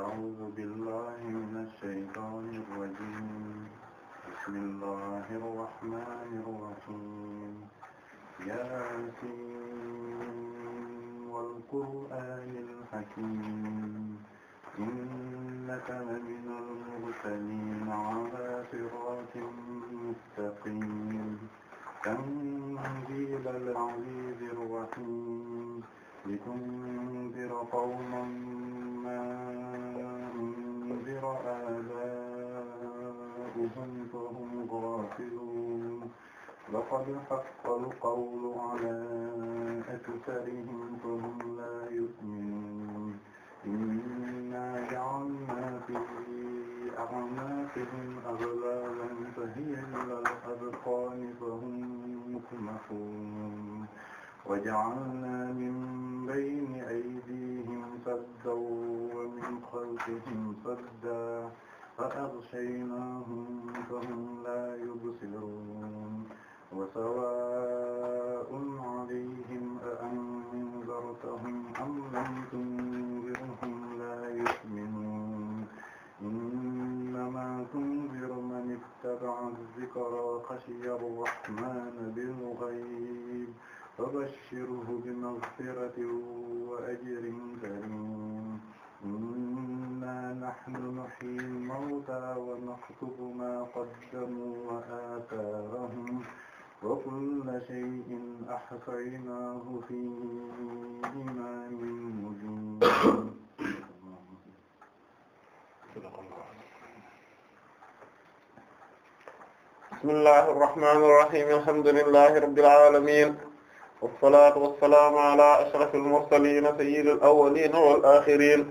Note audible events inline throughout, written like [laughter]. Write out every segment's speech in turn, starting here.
أعوذ بالله من الشيطان الرجيم بسم الله الرحمن الرحيم ياسين والقرآن الحكيم إنك لمن المرسلين على صراط مستقيم تنزيل العزيز الرحيم لتنذر قوما ما آباؤهم فهم غافلون لقد حق القول على أكثرهم فهم لا يؤمنون إنا جعلنا في أعناقهم أغلالا فهي إلى الأذقان فهم مقمحون وجعلنا من بين أيديهم سدا خلقه صدا فأغشيناهم فهم لا يبصرون وسواء عليهم أأنذرتهم أم لم تنذرهم لا يؤمنون إنما تنذر من اتبع الذكر وخشي الرحمن بالغيب فبشره بمغفرة وأجر كريم إنا نحن نحيي الموتى ونكتب ما قدموا وآثارهم وكل شيء أحصيناه في إمام مبين بسم الله الرحمن الرحيم الحمد لله رب العالمين والصلاة والسلام على أشرف المرسلين سيد الأولين والآخرين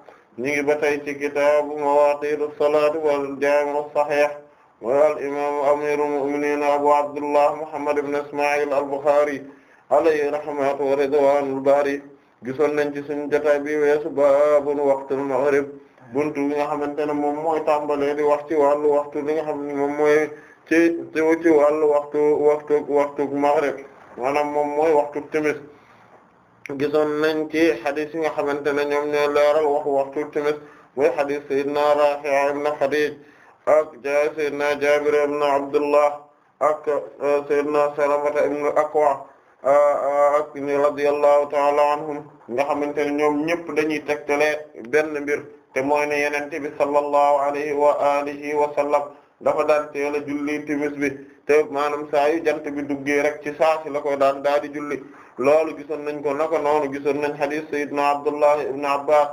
ñu ngi ba tey ci kitaabu mawaaqiitu salaat wal jaami'u saxiix wal imaamu amiirul mu'miniin abu abdullah muhammad ibn isma'il al buxaari alayhi rahmatu wa ridwaanul baari gisoon nañ ci suñu jotaay bi weesu baabun waqtul maghrib buntu bi nga xamante ne moom mooy tàmbalee di wax ci wàllu waxtu li nga xam ne moom mooy ci ci wàllu waxtu waxtu waxtu maghrib maanaam moom mooy waxtu timis gisoon nañ ci yi nga xamante ne ñoom ñoo leeral waxu waxtu timis mooy xadis sayyidina Rafi' ibn Khadij ak ja sayyidina Jabir ibn Abdullah ak uh, sayyidina Salamata ibn Akwa uh, uh, ak ni radiyallahu ta'ala anhum nga xamante ne ñoom ñëpp dañuy tegtale benn mbir te mooy ne yenente bi sallallahu alayhi wa alihi wa sallam dafa daan teel julli timis bi te maanaam saa yu jant bi duggee rek ci saa si la koy daan daal di julli loolu gisoon nañ ko naka noonu gisoon nañ hadith sayyidina Abdullah ibn Abbas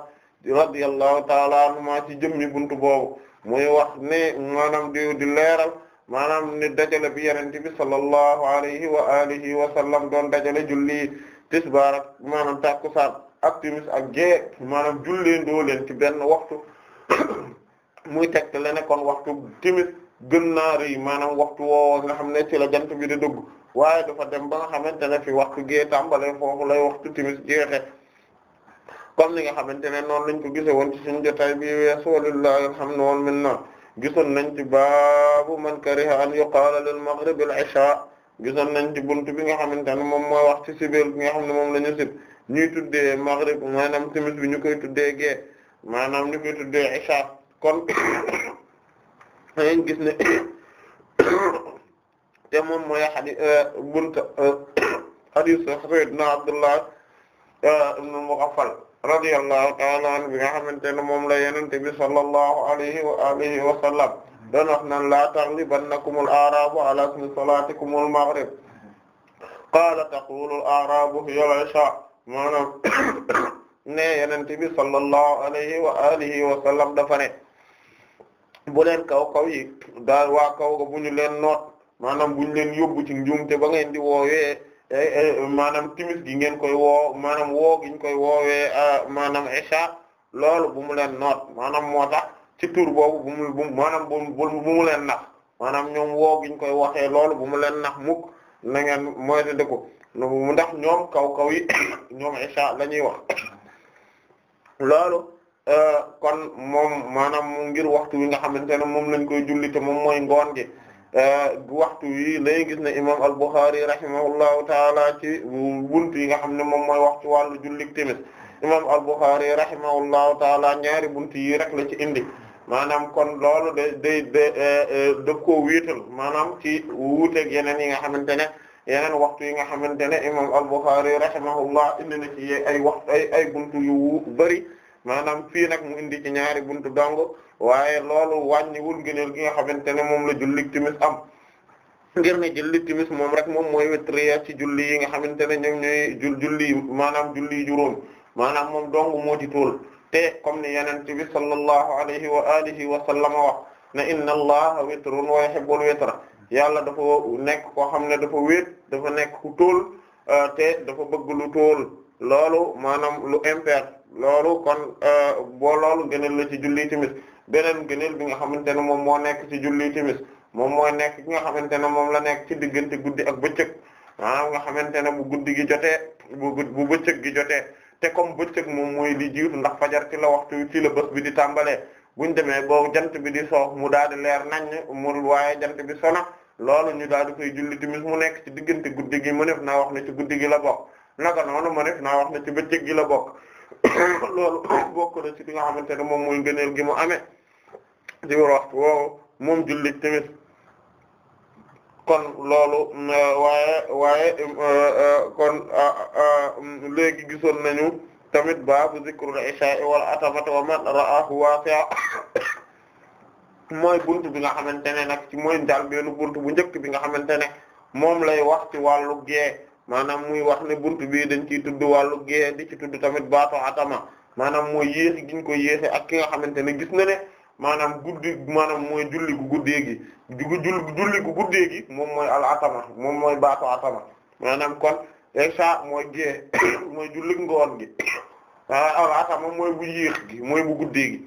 radiyallahu ta'ala anhuma ci jëmmi buntu boobu muy wax ne maanaam di di leeral maanaam ne dajale bi yonent bi sallallahu alayhi wa alihi wa sallam doon dajale julli tisbaar ak maanaam takkusaan ak timis ak gée maanaam julli ndoo leen ci benn waxtu [coughs] muy tegtale ne kon waxtu timis gën naa rëy maanaam waxtu woo nga xam ne ci la jant bi di dëggu waaye dafa dem ba nga xamante ne fi waxtu gee tàmbale foofu lay waxtu timis jeexe comme ni nga xamante ne noonu lañ ko gise woon ci suñu jotaay bi weesu walillahi alhamdu wal minna gisoon nañ ci baabu man kariha an yuqaala lil maghrib al gisoon nañ ci buntu bi nga xamante ne moom mooy wax ci sibir bi nga xam ne moom la ñu sib ñuy tuddee maghrib maanaam timis bi ñu koy tuddee gee maanaam ñu koy tuddee isha kon [coughs] dañ gis ne [coughs] te moom mooy xadi bunta euh, xadiis euh, [coughs] sayyidina Abdullah euh, ibn Mughaffal radiyallahu ta'ala anhu bi nga xamante ne moom la yenente bi sallallahu alayhi wa alihi wax naan la taghlibannakumul a'rabu ala ismi salatikumul maghrib qaala taqulul a'rabu hiya al-isha maanaam [coughs] ne yenente bi sallallahu alayhi daal waa kaw ga bu maanaam buñ leen yóbbu ci njuumte ba ngeen di woowee eh, eh, maanaam timis gi ngeen koy woo maanaam woo giñ koy woowee ah, maanaam isha loolu bu mu leen noot maanaam moo tax ci tur boobu bu mu bu maanaam leen nax maanaam ñoom woo giñ koy waxee loolu bu mu leen nax mukk na ngeen moytandiku mu ndax ñoom kaw kaw yi [coughs] ñoom isha lañuy wax [coughs] loolu eh, kon moom maanaam mu ngir waxtu wi nga xamante ne moom lañ koy julli te moom mooy ngoon gi waxtu yi lay gis ne imam al-Bukhari rahimahullahu taala ci buntu yi nga xam ne moom mooy wax ci wàllu jullik timis imam al-Bukhari rahimahullahu taala ñaari buntu yi rek la ci indi maanaam kon loolu day day eh, eh, daf koo wéetal maanaam ci wuuteeg yeneen yi nga xamante ne yeneen waxtu yi nga xamante ne imam al-Bukhari rahimahullah indi na ci ay waxtu ay ay buntu yu bëri maanaam fii nag mu indi ci ñaari buntu dong waaye loolu wàññiwul ngëneel ki nga xamante ne moom la julli timis am ngir ne julli timis moom rek moom mooy wétriya ci julli yi nga xamante ne ñoom ñooy jul julli maanaam julli juróom maanaam moom dong moo ci tool te comme ni yeneen bi sallallahu alayhi wa alihi wa sallam wax na inna allaha witrun wa yuhibbul witra yàlla dafa nekk koo xam ne dafa wéet dafa nekk ku tuul te dafa bëgg lu tool loolu maanaam lu impair loolu kon euh, boo loolu gënal la ci julli timis beneen gënal bi nga xamante ne moom moo nekk ci julli timis moom mooy nekk ki nga xamante ne moom la nekk ci diggante guddi ak bëccëg maanaam nga xamante ne bu guddi gi jotee bu bu gi jotee te comme bëccëg moom mooy li jiitu ndax fajar ci la waxtu ci la bës bi di tàmbalee buñ demee boobu jant bi di soox mu daal di leer nañ mu waaye jant bi sona loolu ñu daal di koy julli timis mu nekk ci diggante guddi gi mëneef naa wax ne ci guddi gi la bokk naka noonu mëneef naa wax ne ci bëccëg gi la bokk [coughs] loolu [coughs] bokk na ci li nga xamante ne moom mooy ngëneel gi mu amee di waxtu woowu moom jullit tamit kon loolu euh, waaye waaye euh, euh, kon léegi gisoon nañu tamit baabu zikrul isha'i wal atamati wa man ra'ahu wasi'a [coughs] mooy bunt bi nga xamante ne nag ci mooy njaal benn bunt bu njëkk bi nga xamante ne moom lay wax ci wàllu gee maanaam muy wax ne bunt bii dañ ciy tudd wàllu gée di ci tudd tamit baato atama maanaam mooy yéexi giñ ko yéexe ak ki nga xamante ne gis na ne maanaam guddi maanaam mooy julli gu guddee gi gu julli gu guddee gi moom mooy al atama moom mooy baatu atama maanaam kon mooy gée [coughs] mooy julli ngoon gi [coughs] al atama mooy bu yéex gi mooy bu guddee gi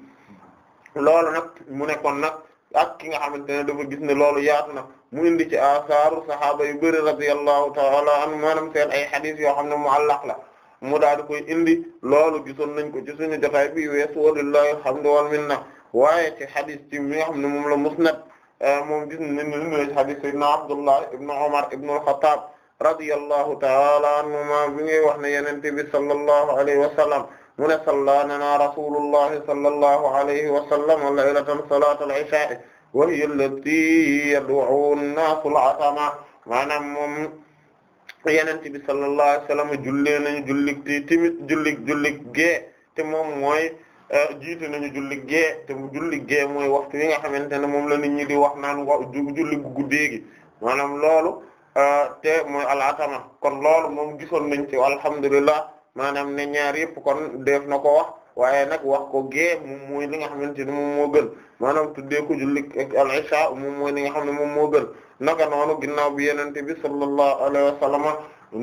loolu nag mu nekkoon nag ak ki nga xamante ne dafa gis ne loolu yaatu na mu indi ci asaaru sahaaba yu bëri radiyallahu taala anhu maanaam seen ay xadis yoo xam ne muallaq la mu daal di koy indi loolu gisoon nañ ko ci suñu jotaay bi weesu walillahi alhamdu wal minna waaye ci xadis ci mi nga xam ne moom la musnad eh, moom gis nañ ne ñu ci xadis ibn Abdullah ibn Umar ibn al-Khattab radiyallahu taala anhuma bi ngay wax ne yenente bi sallallahu alayhi wa sallam mu ne salla lana rasulullahi sallallahu alayhi wa sallam laylatan salatal isha wa hiya allati yad'u an-naas atama maanaam moom yenente bi sallallahu alayhi wasallam jullee nañu julli ti timit julli jullig gee te moom mooy euh, jiite nañu jullig gee te jullig gee mooy waxtu wi nga xamante ne moom la nit ñi di wax naan julli jullig guddee maanaam loolu euh, te mooy alaatama kon loolu moom gisoon nañu ci alhamdulillah maanaam ne ñaar yëpp kon def na ko wax waaye nag wax ko gee moom mooy li nga xamante ne moom moo gën maanaam tuddee ko julli al isha nga xam ne moom moo gën naka noonu ginnaaw bi yenente bi sallallahu alayhi wa sallam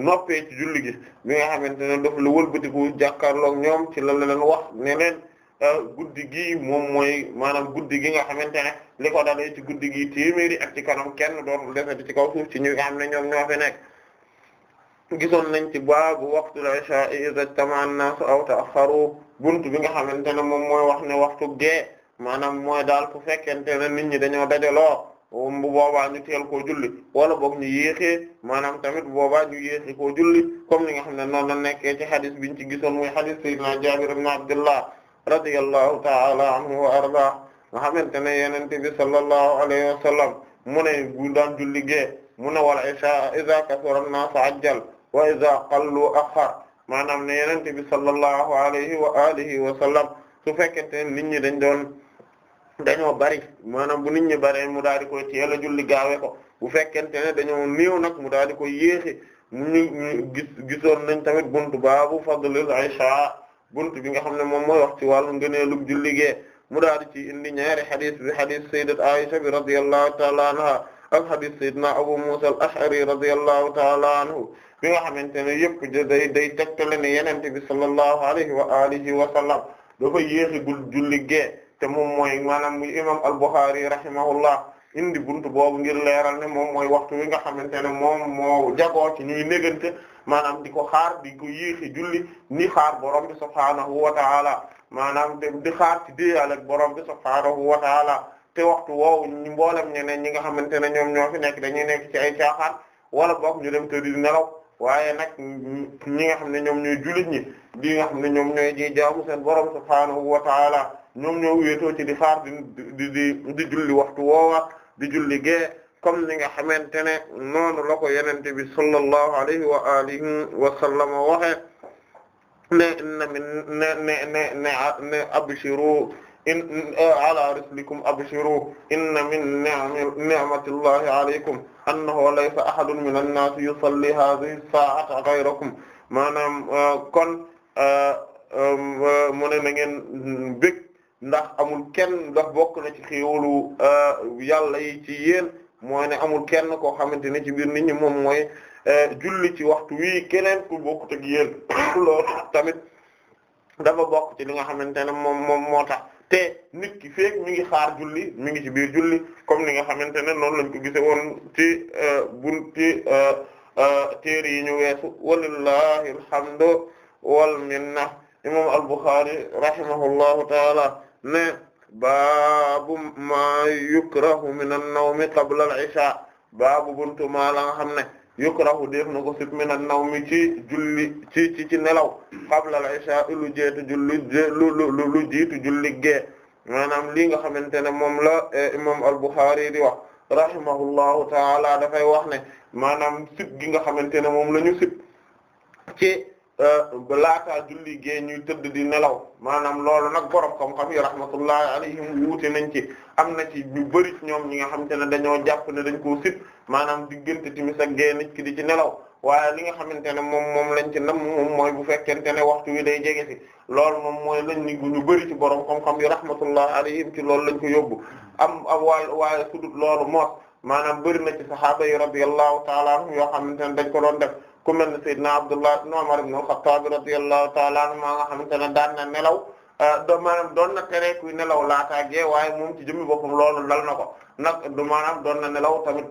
noppee ci julli gi bi nga xamante ne daf la wëlbatiku jàkkaarloog ñoom ci la leen wax ne leen euh, guddi gi moom mooy maanaam guddi gi nga xamante ne li ko dalee ci guddi gi téeméeri ak ci kanam kenn doon defati ci kaw suuf ci ñi nga xam ne ñoom ñoo fi nekk gisoon nañ ci baabu waxtul isha idha tamanna aw ta'akhkharu bunt bi nga xamante ne moom mooy wax ne waxtu gee maanaam mooy daal fu fekkente ne nit ñi dañoo dajaloo bu boobaa ñu teel koo julli wala boog ñu yéexee maanaam tamit bu boobaa ñu yéexee koo julli comme li nga xam ne noonu la nekkee ci xadis biñ ci gisoon muy xadis sayyidina Jaabir ibn Abdullah radiyallahu ta'ala anhu wa arda nga xamante ne yenente bi sallallahu alayhi wa sallam mu ne bu daan julli gee mu ne wal isha idha kasura an-nas ajjal wa idha qallu akhar maanaam ne yonent bi sallallahu alayhi wa alihi wa sallam su fekkente ne nit ñi dañ doon dañoo bari maanaam bu nit ñi baree mu daal di koy teel a julli gaawe ko bu fekkente ne dañoo néew nag mu daal di koy yéexi mu ñu gis gisoon nañ tamit buntu baabu fadlul isha buntu bi nga xam ne moom mooy wax ci wàllu ngëneelug julli gee mu daal di ci indi ñaari xadis bi xadis sayyidat Aisha bi radiyallahu ta'ala ak hadith sayyidina Abu Musa al-Ash'ari radiyallahu ta'ala anhu bi nga xamante ne yëpp day day tegtale ne yenente bi sallallahu alayhi wa alihi wa sallam dafa yéexigul julli gee te moom mooy maanaam muy imam al-Bukhari rahimahullah indi buntu boobu ngir leeral ne moom mooy waxtu wi nga xamante ne moom moo jagoo ci ñuy négante maanaam di ko xaar di ko yéexi julli ni xaar borom bi subhaanahu wa ta'ala maanaam di xaar ci déeyal ak borom bi subhaanahu wa ta'ala te waxtu woowu ñu mboolem ñeneen ñi nga xamante ne ñoom ñoo fi nekk dañuy nekk ci ay caaxaan wala boog ñu dem tëddi nelaw waaye nag ñi nga xam ne ñoom ñooy jullit ñi di nga xam ne ñoom ñooy ji jaamu seen borom subhaanahu wa taala ñoom ñoo wéetoo ci di xaar di di di di julli waxtu woowa di julli gee comme ni nga xamante ne noonu la ko yenente bi sallallahu alayhi wa alihi wa sallam na min ne ne ne ne abshiru in ala rislikum abshiru inna min ni'matillahi alaykum annahu laysa ahadun min an-naasi yusalli hadhihi as-saa'ata ghayrakum maanaam kon mu ne na ngeen bég ndax amul kenn ndax bokk na ci xéewalu yàlla yi ci yéen mooy ne amul kenn koo xamante ne ci biir nit ñi moom mooy julli ci waxtu wii keneen ku bokkut ak yéen [coughs] loolu tamit dafa bokk ci li nga xamante ne moom moom moo tax te nit ki feek mi ngi xaar julli mi ngi ci biir julli comme ni nga xamante ne noonu lañ ko gise woon ci euh, bun ci euh, euh, téere yi ñu weesu walillahi alhamdu wal minna imam al-Bukhari rahimahullahu taala ne baabu ma yukrahu min an-nawmi qabla al baabu buntu maa la xam ne yukrahu def na ko sib min an mi ci julli ci ci ci nelaw qabla la isha lu jeetu julli lu lu lu jiitu julli gee maanaam lii nga xamante ne moom la e, imam al-Bukhari di wax rahimahullahu taala dafay wax ne maanaam sib gi nga xamante ne moom la ñu sib ci laataa julli gée ñuy tëdd di nelaw maanaam loolu nag borom xam-xam yi rahmatullahi alayhim wuute nañ ci am na ci ñu bëri ñoom ñi nga xam te ne dañoo jàpp ne dañ koo sit maanaam diggante timis ak gée nit ki di ci nelaw waaye li nga xamante ne moom lañ ci nam moom mooy bu fekkente ne waxtu wi day jege si loolu moom mooy lañ ni ñu bëri ci borom xam-xam yi rahmatullah alayhim ki loolu lañ ko yóbbu am am waaye waaye sudut loolu moos maanaam bëri na ci sahaaba yi radiyallahu taala yoo xamante ne dañ ko doon def ku mel ne Seydina Abdullah ibn Umar ibn al-Khattab radiyallahu ta'ala anhu maa nga xamante ne daan na nelaw euh, do maanaam doon na tere nelaw laataa gee waaye moom ci jëmmi boppam loolu lal na ko nag du maanaam doon na nelaw tamit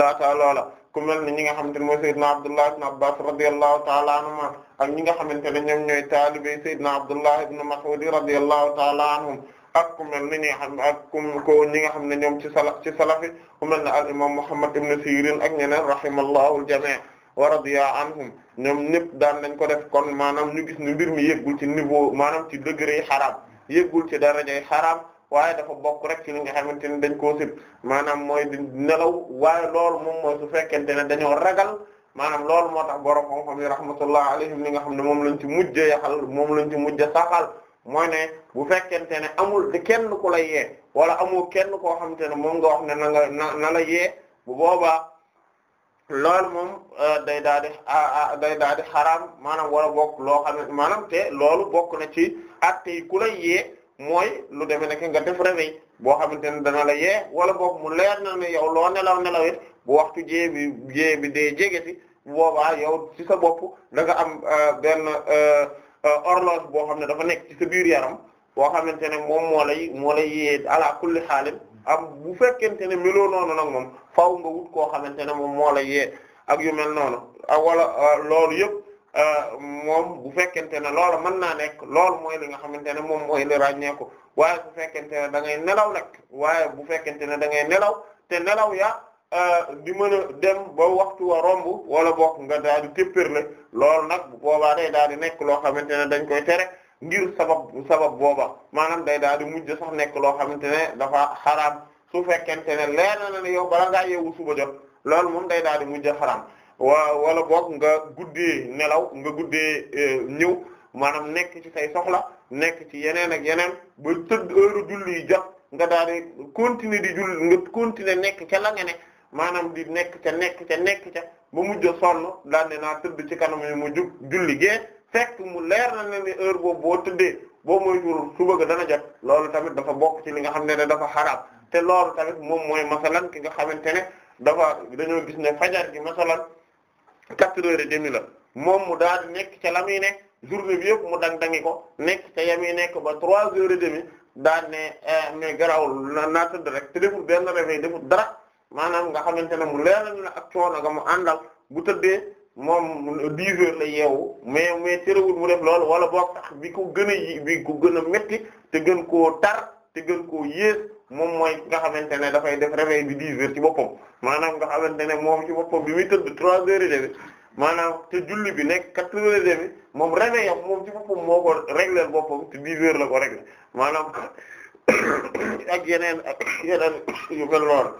laataa loola ku mel ne ñi nga xamante ne mooy Seydina Abdullah ibn Abbas radiyallahu ta'ala anhuma ak ñi nga xamante ne ñoom ñooy taalibe Seydina Abdullah ibn Mas'ud radiyallahu ta'ala anhum ak ku mel ni ñi xam ak ku ko ñi nga xam ne ñoom ci salaf ci salafi ku mel ne al imam Muhammad ibn Sirin ak ñeneen rahimallahu al jami' wa radiya anhum ñoom ñëpp daan nañ ko def kon maanaam ñu gis ne mbir mi yëggul ci niveau maanaam ci degré yi xaraam yëggul ci darajay xaraam waaye dafa bokk rek ci li nga xamante ne dañ koo sib maanaam mooy da nelaw waaye loolu moom mooy su fekkente ne dañoo ragal maanaam loolu moo tax borom xam-xam yi rahmatullah alayhim li nga xam ne moom lañ ci mujj yaxal moom lañ ci mujj saxal mooy ne bu fekkente ne amul kenn ku la yee wala amul kenn koo xamante ne moom nga wax ne na nga na na bu boobaa. loolu moom day daade di day daal maanaam war a bokk loo xam ne maanaam te loolu bokk na ci atte yi ku la yee mooy lu demee nekk nga def réveil boo xamante ne dana la yee wala bokk mu leer na ne yow loo nelaw nelaw it bu waxtu bi jee bi dee jegeti bu boobaa yow ci sa bopp da nga am euh, benn euh, euh, horloge boo xam ne dafa nekk ci sa biir yaram boo xamante ne moom moo lay moo lay yee ala kulli xaalim am bu fekkente ne meloo noonu nag moom faaw nga wut koo xamante ne moom moo la yee ak yu mel noonu ah, wala ah, loolu yëpp ah, moom bu fekkente ne loola mën naa nekk loolu mooy li nga xamante ne moom mooy li ràññee ko waaye bu fekkente ne da ngay nelaw nag waaye bu fekkente ne da ngay nelaw te nelaw ya di mën a dem ba waxtu wa romb wala bokk nga daal di téppérle loolu nag bu boobaa day di nekk loo xamante ne dañ koy tere ngir sabab sabab booba maanaam day daal di loo xamante ne dafa xaraam su fekkente ne leer na ne yow bala ngaa yeewu suba jot loolu moom day daadi di mujj xaram waa wala boog nga guddee nelaw nga guddee eh, ñëw maanaam nekk ci say soxla nekk ci yeneen ak yeneen ba tëdd heure julli yi jot nga daal di continuer di julli nga continuer nekk ca la ne maanaam di nekk ca nekk ca nekk ca ba mujj sonn daal ne naa tëdd ci kanam mu jug julli gee fekk mu leer na ne heure boobu boo tëddee boo moytuwul suba ga dana jot loolu tamit dafa bokk ci li nga xam ne dafa xaraam. te loolu tamit moom mooy masalan ki nga xamante ne dafa dañoo gis ne fajar gi masalan quatre heures et demie la moom mu daal di nekk ca la muy ne journée bi yëpp mu dang-dangi ko nekk ca yami nekk ba trois heures et demie daan ne eh, mais garawul naa tëdd rek te deful benn réveil deful dara maanaam nga xamante ne mu leer na ak coono nga mu àndal bu tëddee moom dix heures la yeewu mais mais terewul mu def loolu wala boo tax bi ko gën a yi bi ko gën a métti te gën koo tar te gën koo yées moom mooy nga xamante ne dafay def réveil bi dix heures ci boppam maanaam nga xamante ne moom ci boppam bi muy tëdd trois heures et demie maanaam te julli bi nekk quatre heures et demie moom réveil am moom ci boppam moo ko réglé boppam te dix heures la ko réglé maanaam [coughs] ak yeneen ak yeneen yu mel noonu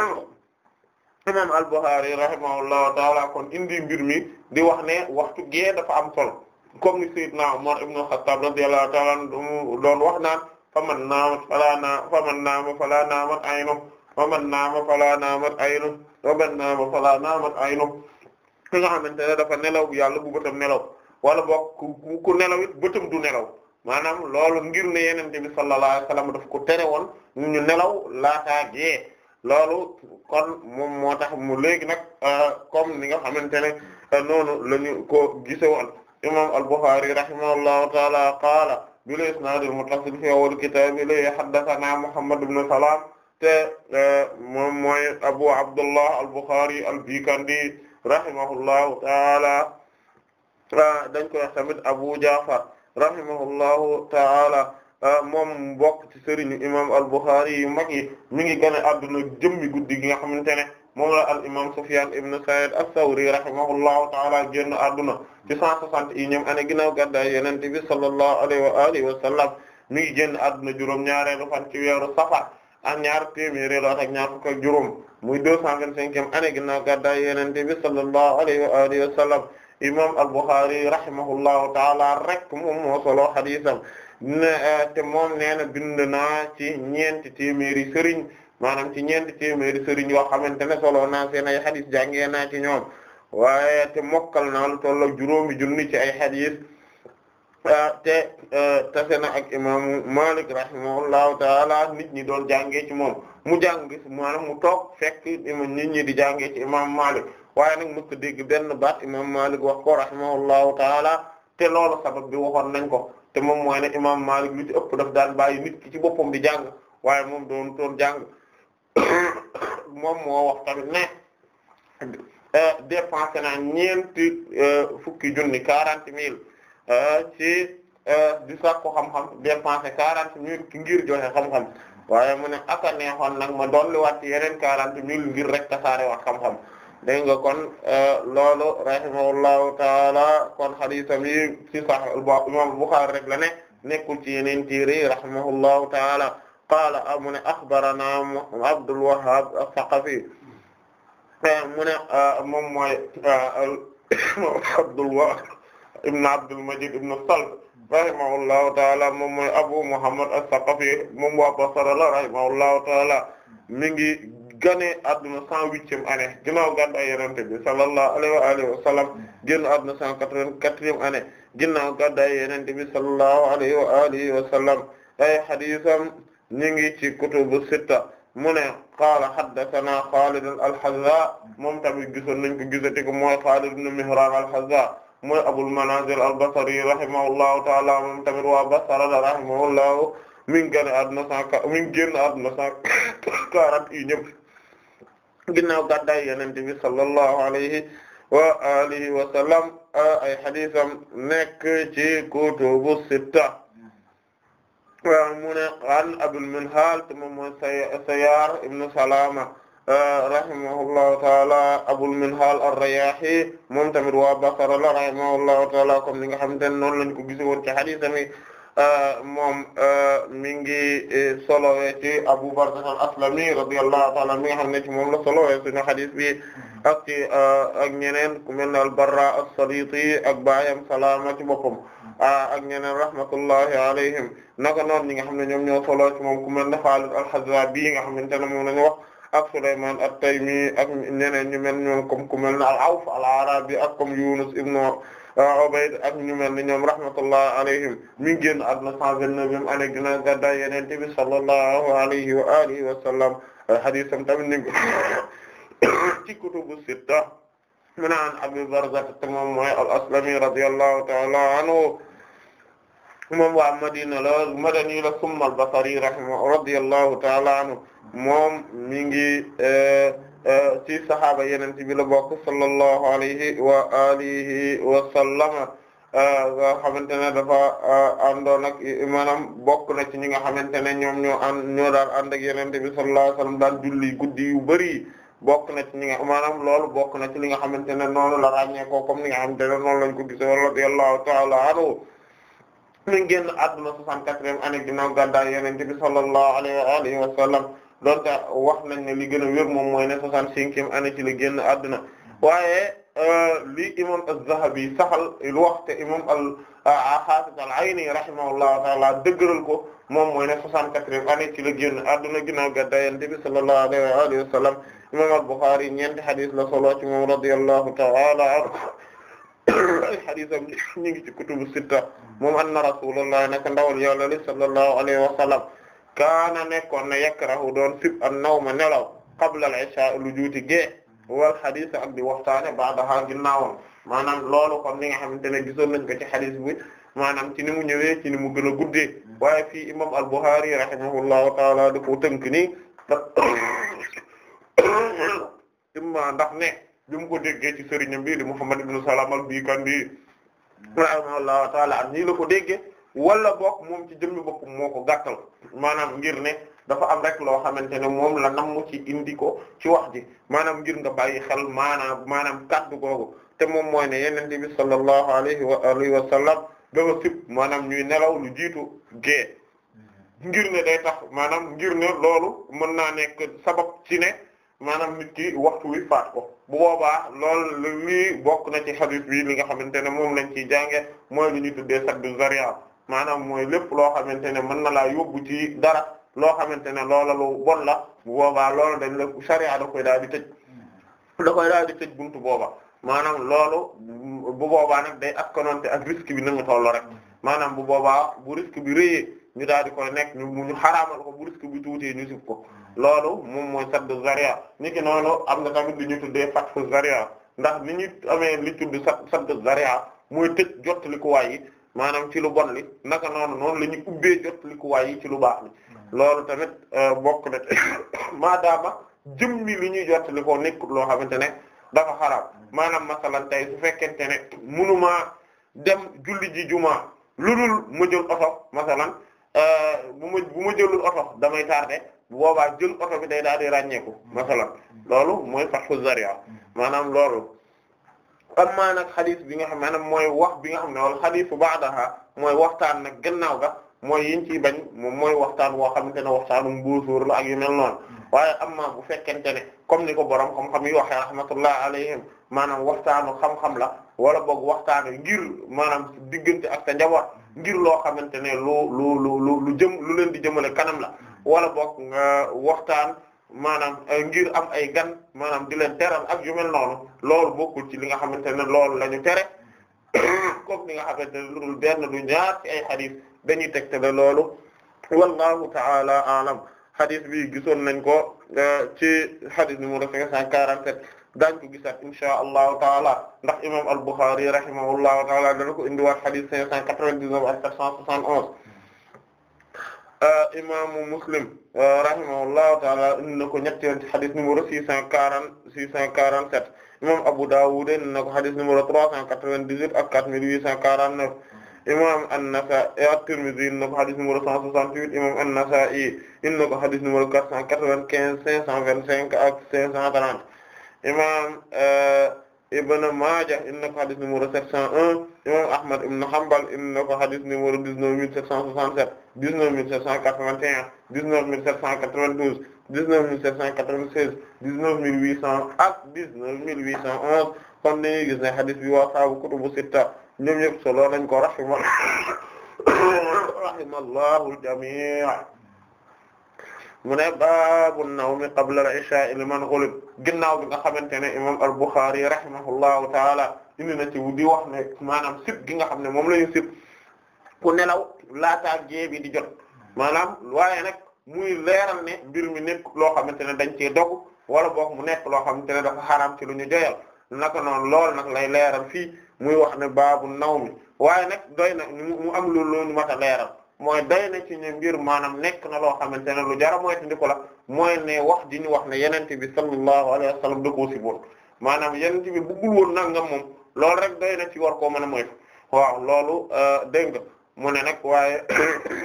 [coughs] imam al-Bukhari rahimahullahu taala kon indi mbir mi di wax ne waxtu gee dafa am solo comme ni Seydina Umar ibn Khattab radiyallahu taala doon wax naan faman naama falaa naam faman naama falaa naamat aynu waman naama falaa naamat aynu waman naama falaa naamat aynu ki nga xamante ne dafa nelaw bu yàlla bu bëtam nelaw wala boog ku ku nelaw it bëtam du nelaw maanaam loolu ngir ne yenente bi sallallahu alayhi wasallam dafa ko tere woon ñu nelaw laataa gee loolu kon moom moo tax mu léegi nag euh, comme ni nga xamante ne euh, noonu la ñu ko gise woon imam al-Bukhari rahimahullahu taala qaala bil isnaadil muttasil fi awwal kitaab ilayhi haddathanaa Muhammad ibn Salaam te eh, mooy Abu Abdullah al-Bukhari al-Bikandi rahimahullahu ta'ala ah, dañ koy wax tamit Abu Ja'far rahimahullahu ta'ala ah, moom bokk ci sëriñu imam al-Bukhari yu mag yi mi ngi gën a adduna jëmmi guddi gi nga xamante ne moom la al imam Sufyan ibn Sa'id as-Sawri rahimahullahu ta'ala génn adduna ci cent soixante yi ñoom année ginnaaw gàddaay Yonent bi sallallahu alayhi wa alihi wa sallam mi ngi génn adduna juróom ñaareelu fan ci weeru Safar ak ñaar téeméeri at ak ñaar fukk juróom muy deux cent vingt-cinquième année ginnaaw gàddaay Yonent bi sallallahu alayhi wa alihi wa sallam imam al-Bukhari rahimahullahu ta'ala rek moom moo solo ne te moom nee na bind naa ci ñeenti téeméeri sëriñ maanaam ci ñeenti téeméeri sëriñ xamante ne solo naa ay xadis jàngee naa ci ñoom waaye te mokkal naa lu toll ak juróomi junni ci ay xadis ah, te eh, tase na ak imaamu Malik rahimahullahu taala nit ñi doon jàngee ci moom mu jàng maanaam mu toog fekk nit ñi di jàngee ci imaamu Malik waaye nag mu ko dégg benn baat imaamu Malik wax ko rahimahullahu taala te loolu sabab bi waxoon nañ ko te moom mooy ne imaamu Malik lu ci ëpp daf daan bàyyi nit ki ci boppam di jàng waaye moom doon moom moo wax tamit ne euh, dépensé naa ñeenti euh, fukki junni quarante mille euh, ci di sàkku xam-xam dépensé quarante mille ngir joxe xam-xam waaye mu ne aka neexoon nag ma dolliwaat ci yeneen quarante mille ngir rek tasaare wax xam-xam dégg nga kon loolu rahimahullahu taala kon xadiisam yi ci Sahih Imam Bukhari rek la ne nekkul ci yeneen téere yi taala qaala ah, mu ne axbarana Abdul Wahhab as-Saqafi mu ne ah, moom mooy ah, [coughs] Abdul Wahhab ibn Abdul Majid ibn Salt rahimahullahu taala moom mooy Abu Muhammad as-Saqafi moom waa Basra la rahimahullahu taala mi ngi gane adduna cent huitième année ginnaaw gàddaay Yonent bi sallallahu alayhi wa alihi wa sallam génn adduna cent quatre-vingt-quatrième année ginnaaw gàddaay Yonent bi sallallahu alayhi wa alihi wa sallam ay hadiisam ñi ngi ci kutubu sitta mu ne qaala haddathana Xaalid al-Hazza moom tamit gisoon nañ ko gisati ko mooy Xaalid ibn Mihraan al-Hazza mooy Abul Manaazil al-Basri rahimahullahu ta'ala moom waa Basra la rahimahullahu mi ngi génn àdduna cent mi ngi génn àdduna cent quarante et sallallahu alayhi wa alihi wa ay hadiisam nekk ci kutubu sitta mu ne an Abul Minhal te moom mooy Sayyar ibn Salama euh, rahimahullahu taala Abul Minhal ar-Riyahi moom tamit waa Basra la rahimahullahu taala comme ni nga xamante ne noonu lañ ko gis woon ci hadith euh, mi moom euh, mi ngi solowee ci Abu Barza al-Aslami radiyallahu taala mi nga xam ne ci moom la solowee suñu hadith bi ak ci ak ñeneen ku mel ne al-Barra as-Saliti ak baayam Salama ci boppam. Ah, ak ñeneen rahmatullahi alayhim naka noon ñi nga xam ne ñoom ñoo solo ci moom ku mel ne Xaalid al-Xazzaabi nga xamante ne moom lañu wax ak Sulaymaan at-Taymi ak ñeneen ñu mel ñoom comme ku mel ne al-Awf al-Arabi ak comme Yunus ibn Ubayd ak ñu mel ne ñoom rahmatullahi alayhim mi ngi génn àdduna 129e année ginnaaw gàddaay Yonent bi sallallahu alayhi wa alihi wa sallam hadiisam tamit ni [coughs] ci kutubu sitta mu naan Abu Barzah te moom mooy al-Aslami radiyallahu ta'ala anhu moom waa Madina la madani la summa al-Basri rahimahu radiyallahu ta'ala anhu moom mi ngi eh, eh, ci sahaaba Yonent bi la bokk sallallahu alayhi wa alihi wa sallama eh, nga xamante ne dafa àndoon ak maanaam bokk na ci ñi nga xamante ne ñoom ñoo ànd ñoo daan ànd ak Yonent bi sallallahu alayhi wa sallam daan julli guddi yu bari bokk na ci ñi nga maanaam loolu bokk na ci li nga xamante ne noonu la ràññee ko comme ni nga xamante ne noonu lañ ko gisee radiyallahu ta'ala mi ngi génn àdduna 64e année ginnaaw gàddaay Yonent bi sallallahu alayhi wa alihi wa sallam donte wax nañ li gën a wér moom mooy ne 65e année ci la génn àdduna waaye euh, li imam az-Zahabi saxal lu wax imam al-Hafiz euh, al-Ayni rahimahullahu ta'ala dëgëral ko moom mooy ne 64e année ci la génn àdduna ginnaaw gàddaay Yonent bi sallallahu alayhi wa alihi wa sallam imam al-Bukhari ñeenti hadith la solo ci moom radiyallahu ta'ala anhu ay xadisam ñu ngi ci kutubu sitta moom anna rasulullah naka ndawal yàlla li sallallahu alayhi wa sallam kaana nekkoon na yakrahu doon sib an ma nelaw qabla al isha lu juuti gee wal xadis ak di waxtaane ba'daha ginnaawam maanaam loolu kon li nga xamante ne gisoon nañ ko ci xadis bi maanaam ci ni mu ñëwee ci ni mu gën a guddee waaye fii imam al Bukhari rahimahullahu taala da ko tënk nii [coughs] imma ndax ne bi ko déggee ci sëriñam bi di Muhammad ibn Salam al-Bikandi rahimahullahu ta'ala am nii la ko déggee wala bokk moom ci jëmmi bopp moo ko gàttal maanaam ngir ne dafa am rek loo xamante ne moom la nam mu ci indi ko ci wax ji maanaam ngir nga bàyyi xel maanaam maanaam kaddu googu te moom mooy ne yonent bi sallallahu alayhi wa alihi wa sallam dafa sib ñuy nelaw lu jiitu gée ngir ne day tax maanaam ngir ne loolu mën naa nekk sabab ci ne maanaam nit ki waxtu wi bu boobaa loolu lii bokk na ci hadith bi li nga xamante ne moom lañ ciy jànge mooy li ñu tuddee saddu zaria maanaam mooy lépp loo xamante ne mën na laa yóbbu ci dara loo xamante ne loola lu bon la bu boobaa loolu dañ la sharia da koy daal di tëj da koy daal di tëj buntu booba maanaam loolu bu boobaa nag day askanoonte ak risque bi na mu rek maanaam bu boobaa bu risque bi rëyee ñu daal di koy nekk ñu ñu xaraamal ko bu risque bu tuutee ñu sib ko loolu moom mooy sadd zaria ni ki noonu am na tamit li ñu tuddee fat fu zaria ndax ni ñu amee li tudd sa sadd zaria mooy tëj jotalikuwaay yi maanaam ci lu bon li naka noonu noonu la ñuy ubbee jotalikuwaay yi ci lu baax li loolu tamit euh, bokk na [coughs] maadaama jëmmi li ñuy jotalikoo nekkul loo xamante ne dafa xaraam maanaam masalan tey su fekkente ne munumaa dem julli ji jumaa lu dul ma jël oto bu ma bu ma jëlul oto damay tardé bu boobaa jël oto bi day daal di ràññeeku masalan loolu mooy fatxu zaria maanaam loolu am maa nag bi nga xam maanaam mooy wax bi nga xam ne wala xadisu ba'daha mooy waxtaan nag gannaaw ga mooy yiñ bañ moom mooy waxtaan woo xamante ne waxtaanu mbuusuur la ak yu mel noon waaye amma bu fekkente ne comme ni ko borom xam-xam yi waxee rahmatullah alayhim maanaam waxtaanu xam-xam la wala boog waxtaanu ngir maanaam diggante ak sa njaboot ngir loo xamante ne lu lu lu lu jëm lu leen di jëmale kanam la wala bokk nga waxtaan maanaam euh, ngir am ay gan maanaam di leen teral ak yu noonu loolu bokkul ci li nga xamante ne loolu lañu ñu tere [coughs] comme ni nga xamante ne lu dul benn du ñaar ci ay xadis dañuy tegtale loolu wallahu taala alam xadis bi gisoon nañ ko euh, ci xadis numéro mu cent quarante-sept daañ ko gisaat insha allahu taala ndax imam al-Bukhari rahimahullahu taala dana ko indiwaat hadith cinq cent quatre-vingt-dix-neuf ak sept cent soixante-onze euh, imaamu Muslim euh, rahimahullahu taala indi na ko ñetti yoon ci hadith numéro six cent quarante six cent quarante-sept imam Abu Dawud indi na ko hadith numéro trois cent quatre-vingt-dix-huit ak quatre mille huit cent quarante-neuf imam An-Nasa'i At-Tirmidhi indi na ko hadith numéro cent soixante-huit imam An-Nasa'i indi na ko hadith numéro quatre cent quatre-vingt-quinze cinq cent vingt-cinq ak cinq cent trente imam euh, Ibn Maaja indi na ko xadis numéro 701 imam Ahmad ibn Hanbal indi na ko xadis numéro 19767 19781 19792 19796 19800 ak 19811 kon dañuy gis ne xadis bi waa saabu kutubu sitta ñoom ñëpp solo nañ ko rahima [coughs] rahimallahu jami' mu ne baabu nawmi qabla al-isha liman ghulib ginnaaw bi nga xamante ne imam al-Bukhari rahimahullahu taala indi na ci di wax ne maanaam sib gi nga xam ne moom la ñu sib ku nelaw laataa gée bi di jot maanaam waaye nag muy leeral ne mbir mi nekk loo xamante ne dañ cee dog wala book mu nekk loo xamante ne dafa xaraam ci lu ñu joyal naka noon lool nag lay leeral fii muy wax ne baabu nawmi waaye nag doy na mu am lu nu mata leeral mooy day na ci ñu mbir maanaam nekk na loo xamante ne lu jara mooy tandi ko la mooy ne wax di ñu wax ne yenente bi sallallahu alayhi wa sallam da koo siboon maanaam yenente bi bëggul woon nangam moom loolu rek day na ci war koo mën a moytu waaw loolu euh, dégg nga mu ne nag waaye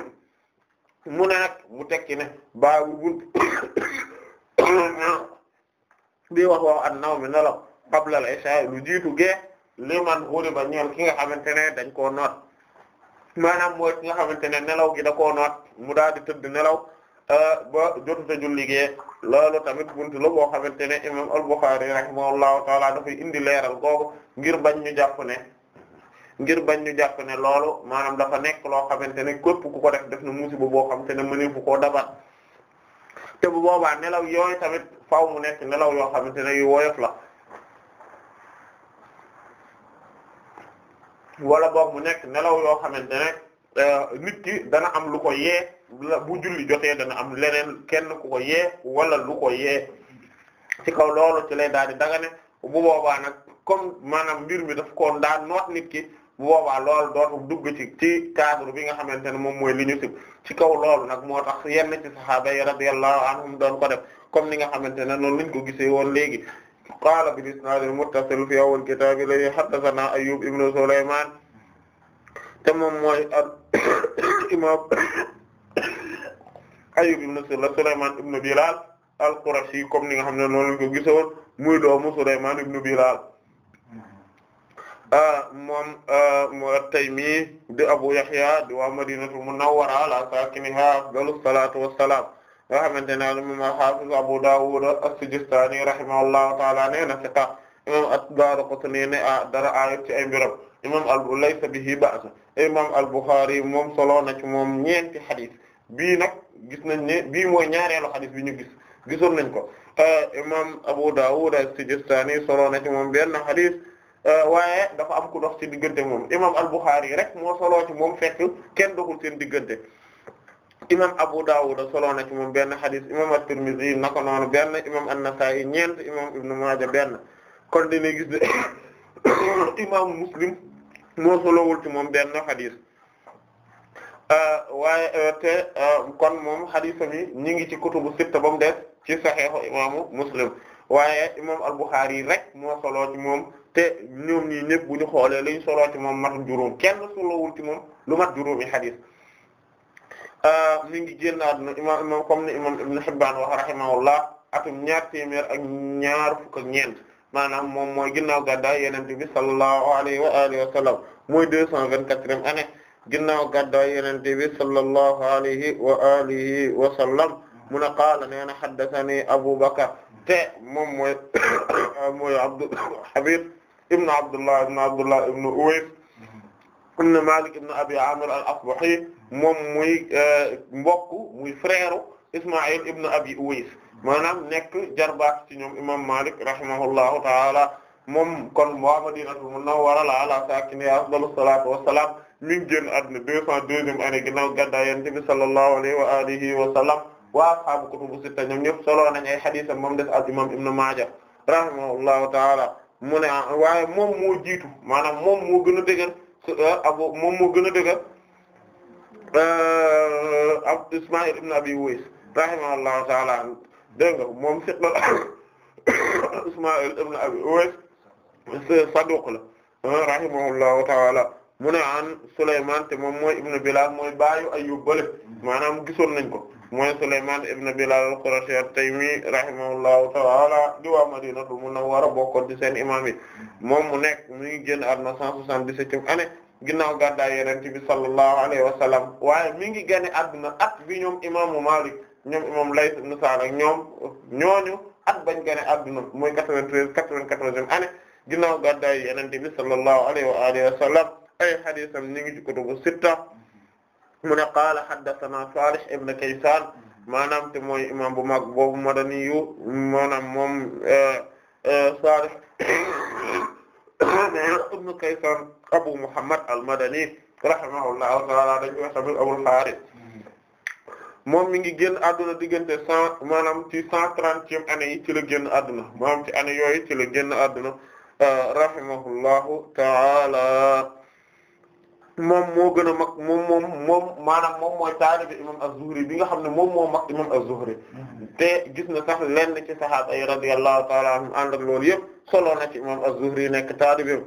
[coughs] mu ne mu tekki ne baabu bunt [coughs] di wax waaw an naw mi nelaw qabla al isha lu jiitu gee liman huriba ñeel ki nga xamante ne dañ koo noot maanaam mooy ki nga xamante ne nelaw gi da koo mu daal di tëdd nelaw euh, ba jotuta julli gee loolu tamit buntu la boo xamante ne imam al-Bukhârî rahimahullahu taala dafay indi leeral googu ngir bañ ñu jàpp ne ngir bañ ñu jàpp ne loolu maanaam dafa nekk loo xamante ne képp ku ko def def na musiba boo xamante ne mëneefu koo dabat te bu boobaa nelaw yooyu tamit faw mu nekk nelaw yoo xamante ne yu la wala boog mu nekk nelaw yoo xamante ne euh, nit ki dana am lu ko yee bu julli jotee dana am leneen kenn ku ko yee wala lu ko yee ci kaw loolu ci lay daal di dagane bu boobaa nag comme maanaam mbir mi daf ko daan noot nit ki bu boobaa loolu dootu dugg ci ci cadre bi nga xamante ne moom mooy li ñu sib ci kaw loolu nag moo tax yenn ci sahaaba yi radiyallahu anhum doon ko def comme ni nga xamante ne noonu lañ ko gisee woon léegi qaala bil isnaadil muttasil fi awwal kitaab li haddathanaa Ayyuub ibn Sulaymaan te moom mooy imaam Ayyuub ibn Sulaymaan ibn Bilaal al-Qurashi comme ni nga xam ne noonu ko gisoon muy doomu Sulaymaan ibn Bilaal moom mu at-Taymi di Abu Yahya di waa Madiinatul Munawwara ala saakinihaa afdalu salaatu wassalaam nga xamante ne moom al-Hafiz Abu Dawud as-Sijistani rahimahullahu ta'ala nee na siqa imam ad-Daraqutni ne ah dara ayib ci ay mbiram imam al-Laysa bihi ba'sa imam al-Bukhari moom solo na ci moom ñeenti xadis bii nag gis nañ ni bii mooy ñaareelu xadis bi ñu gis gisoon nañ ko eh, imam Abu Dawud as-Sijistani solo na ci moom benn xadis eh, waaye dafa am ku dox ci diggante moom imam al-Bukhari rek moo solo ci moom fekk kenn doxul seen diggante. imam Abu Dawud solo na ci moom benn xadis imam at-Tirmidhi naka noonu benn imam an-Nasa'i ñeent imam Ibn Maaja benn kon dina gis ne [coughs] imam Muslim moo solowul ci moom benn xadis euh, waaye euh, te euh, kon moom xadisam yi ñi ngi ci kutubu sitta ba de ci saxiixu imaamu Muslim waaye imam al-Bukhari yi rek moo soloo ci moom te ñoom ñii ñëpp bu ñu xoolee li ñu moom mat juróom kenn solowul ci moom lu mat juróomi xadis Euh, mi ngi génn àdduna imam imam comme ni imam Ibn Hibban wax rahimahullah atum ñaar téeméer ak ñaar fukk ak ñeent maanaam moom mooy ginnaaw gàddaay yonent bi sallallahu alayhi wa alihi wa sallam mooy deux cent vingt-quatrième année ginnaaw gàddaay yonent bi sallallahu alayhi wa alihi wa sallam mu ne qaala nee na haddathani Abu Bakr te moom mooy [coughs] mooy Abdul Habib ibn Abdullah ibn Abdullah ibn Uwais ibn Malik ibn Abi Amir al-Asbahi moom muy euh, mbokk muy frère Ismaïl ibn Abi Uwais maanaam nekk jarbaat ci ñoom imam Malik rahimahullahu taala moom kon waa Madinatul Munawwara la ala saakinihaa afdalu salaatu wa salaam mi ngi génn àdduna deux cent deuxième année ginnaaw gàddaay Yonent bi sallallahu alayhi wa alihi wa sallam wa ashaabu sitta ñoom ñëpp solo nañ ay hadiisam moom des al imam Ibn Maaja rahimahullahu taala mu ne waaye moom moo jiitu maanaam moom moo gën a dëgër euh, Abu moom moo gën a dëgër Euh, Abd Ismaïl ibn Abi Uways rahimahullahu ta'ala dégg nga moom siq la [coughs] ibn Abi Uways saduq la rahimahullahu ta'ala mu ne an Sulaymaan te moom mooy ibn Bilaal mooy baayu Ayyub bale maanaam gisoon nañ ko mooy Sulaymaan ibn Bilaal al taymi rahimahullahu ta'ala di waa Madinatul Munawwara bokkoon di seen imaam yi moom mu nekk mu ngi génn àdduna 177e année ginnaaw gàddaay yonent bi sallallahu alayhi wa sallam waaye mi ngi gane adduna at bi ñoom imaamu Malik ñoom imam Layth ibn Sa'd ñoom ñooñu at bañ gane adduna mooy 93 94e année ginnaaw gàddaay yonent bi sallallahu alayhi wa alihi wa sallam ay hadisam ñi ngi ci sitta mu ne qaala haddathana Salih ibn Kaysan maanaam te mooy imam bu mag boobu madani yu maanaam moom eh, eh, Salih ibn Kaysan Abu Muhammad al-Madani rahimahullahu ta'ala dañ koy wax tamit Abul Harith moom mi ngi génn adduna diggante cent maanaam ci cent trentième année yi ci la génn adduna maanaam ci année yooyu ci la génn adduna rahimahullahu ta'ala moom moo gën a mag moom moom moom maanaam moom mooy taalibe imam az-Zuhri bi nga xam ne moom moo mag imam az-Zuhri mm-hmm. te gis na sax lenn ci sahaaba yi radiyallahu ta'ala anhum ànd ak loolu yëpp solo na ci imam az-Zuhri nekk taalibe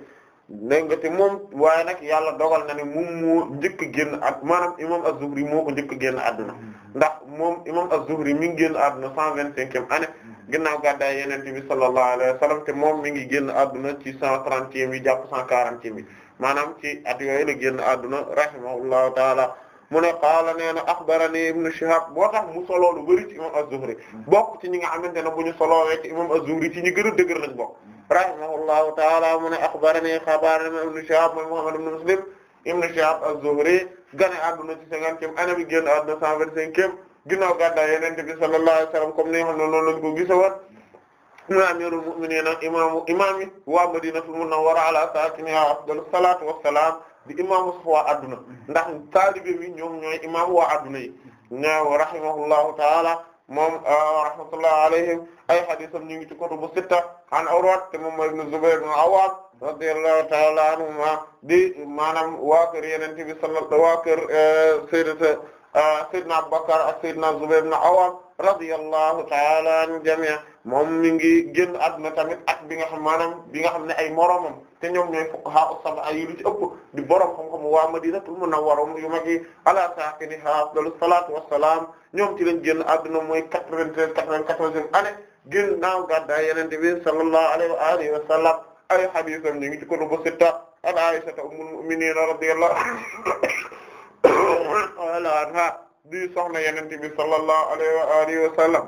ne nga te moom waaye nag yàlla dogal na ne moom moo njëkk génn ak maanaam imam az-Zuhri moo ko njëkk génn àdduna mm-hmm. ndax moom imam az-Zuhri mi ngi génn àdduna cent vingt-cinquième année mm-hmm. ginnaaw gàddaay Yonent bi sallallahu alayhi wa sallam te moom mi ngi génn àdduna ci cent trentième yi jàpp cent quarantième yi maanaam ci at yooyu la génn adduna rahimahullahu taala mu ne qaala nee na axbarani ibnu Shihab tax mu solo lu bari ci imam az-Zuhri bokk ci ñi nga xamante ne bu ñu soloowee ci imam ci gën a dëgër lañ bokk rahimahullahu taala mu ne axbarani xabarana ibnu Shihab mooy Muhammad ibn Muslim ibnu Shihab az-Zuhri gane adduna ci cinquantième année bi génn adduna cent vingt-cinquième ginnaaw gàddaay Yonent bi sallallahu alayhi wasallam comme ni nga xam ne noonu lañ ko gisawoon amirul mu'minin imaamu imaam yi waa madinatul munawwara ala saakinihaa afdalu salaatu wassalaam di imaamu sax waa adduna ndax taalibe bi ñoom ñooy imaam waa adduna yi ñaaw rahimahullahu taala moom ah, rahmatullahi alayhim ay hadiisam ñu ngi ci kutubu sitta an Urwa te moom mooy ibn Zubayr ibn Awwaam radiyallahu taala anhuma di maanaam waa kër Yonent bi sallallahu waa kër eh, ah, Sayyidina Abubakar ak Sayyidina Zubayr ibn Awwaam radiyallahu ta'ala an jami' moom mi ngi génn àdduna tamit ak bi nga xam maanaam bi nga xam ne ay moromam te ñoom ñooy fuqaha as-sab'a yi lu ci ëpp di borom xam-xam waa Madinatul Munawwara yu mag yi ala saakiniha afdalu salaatu wassalaam ñoom ci lañ génn àdduna mooy 93 94 année génn naaw gàddaay Yonent bi sallallahu alayhi wa alihi wa sallam ay hadiisam ñu ngi ci kutubu sitta an Aisha ummul mu'minin radiyallahu anha di soxna yenente bi sallallahu alayhi wa alihi wa sallam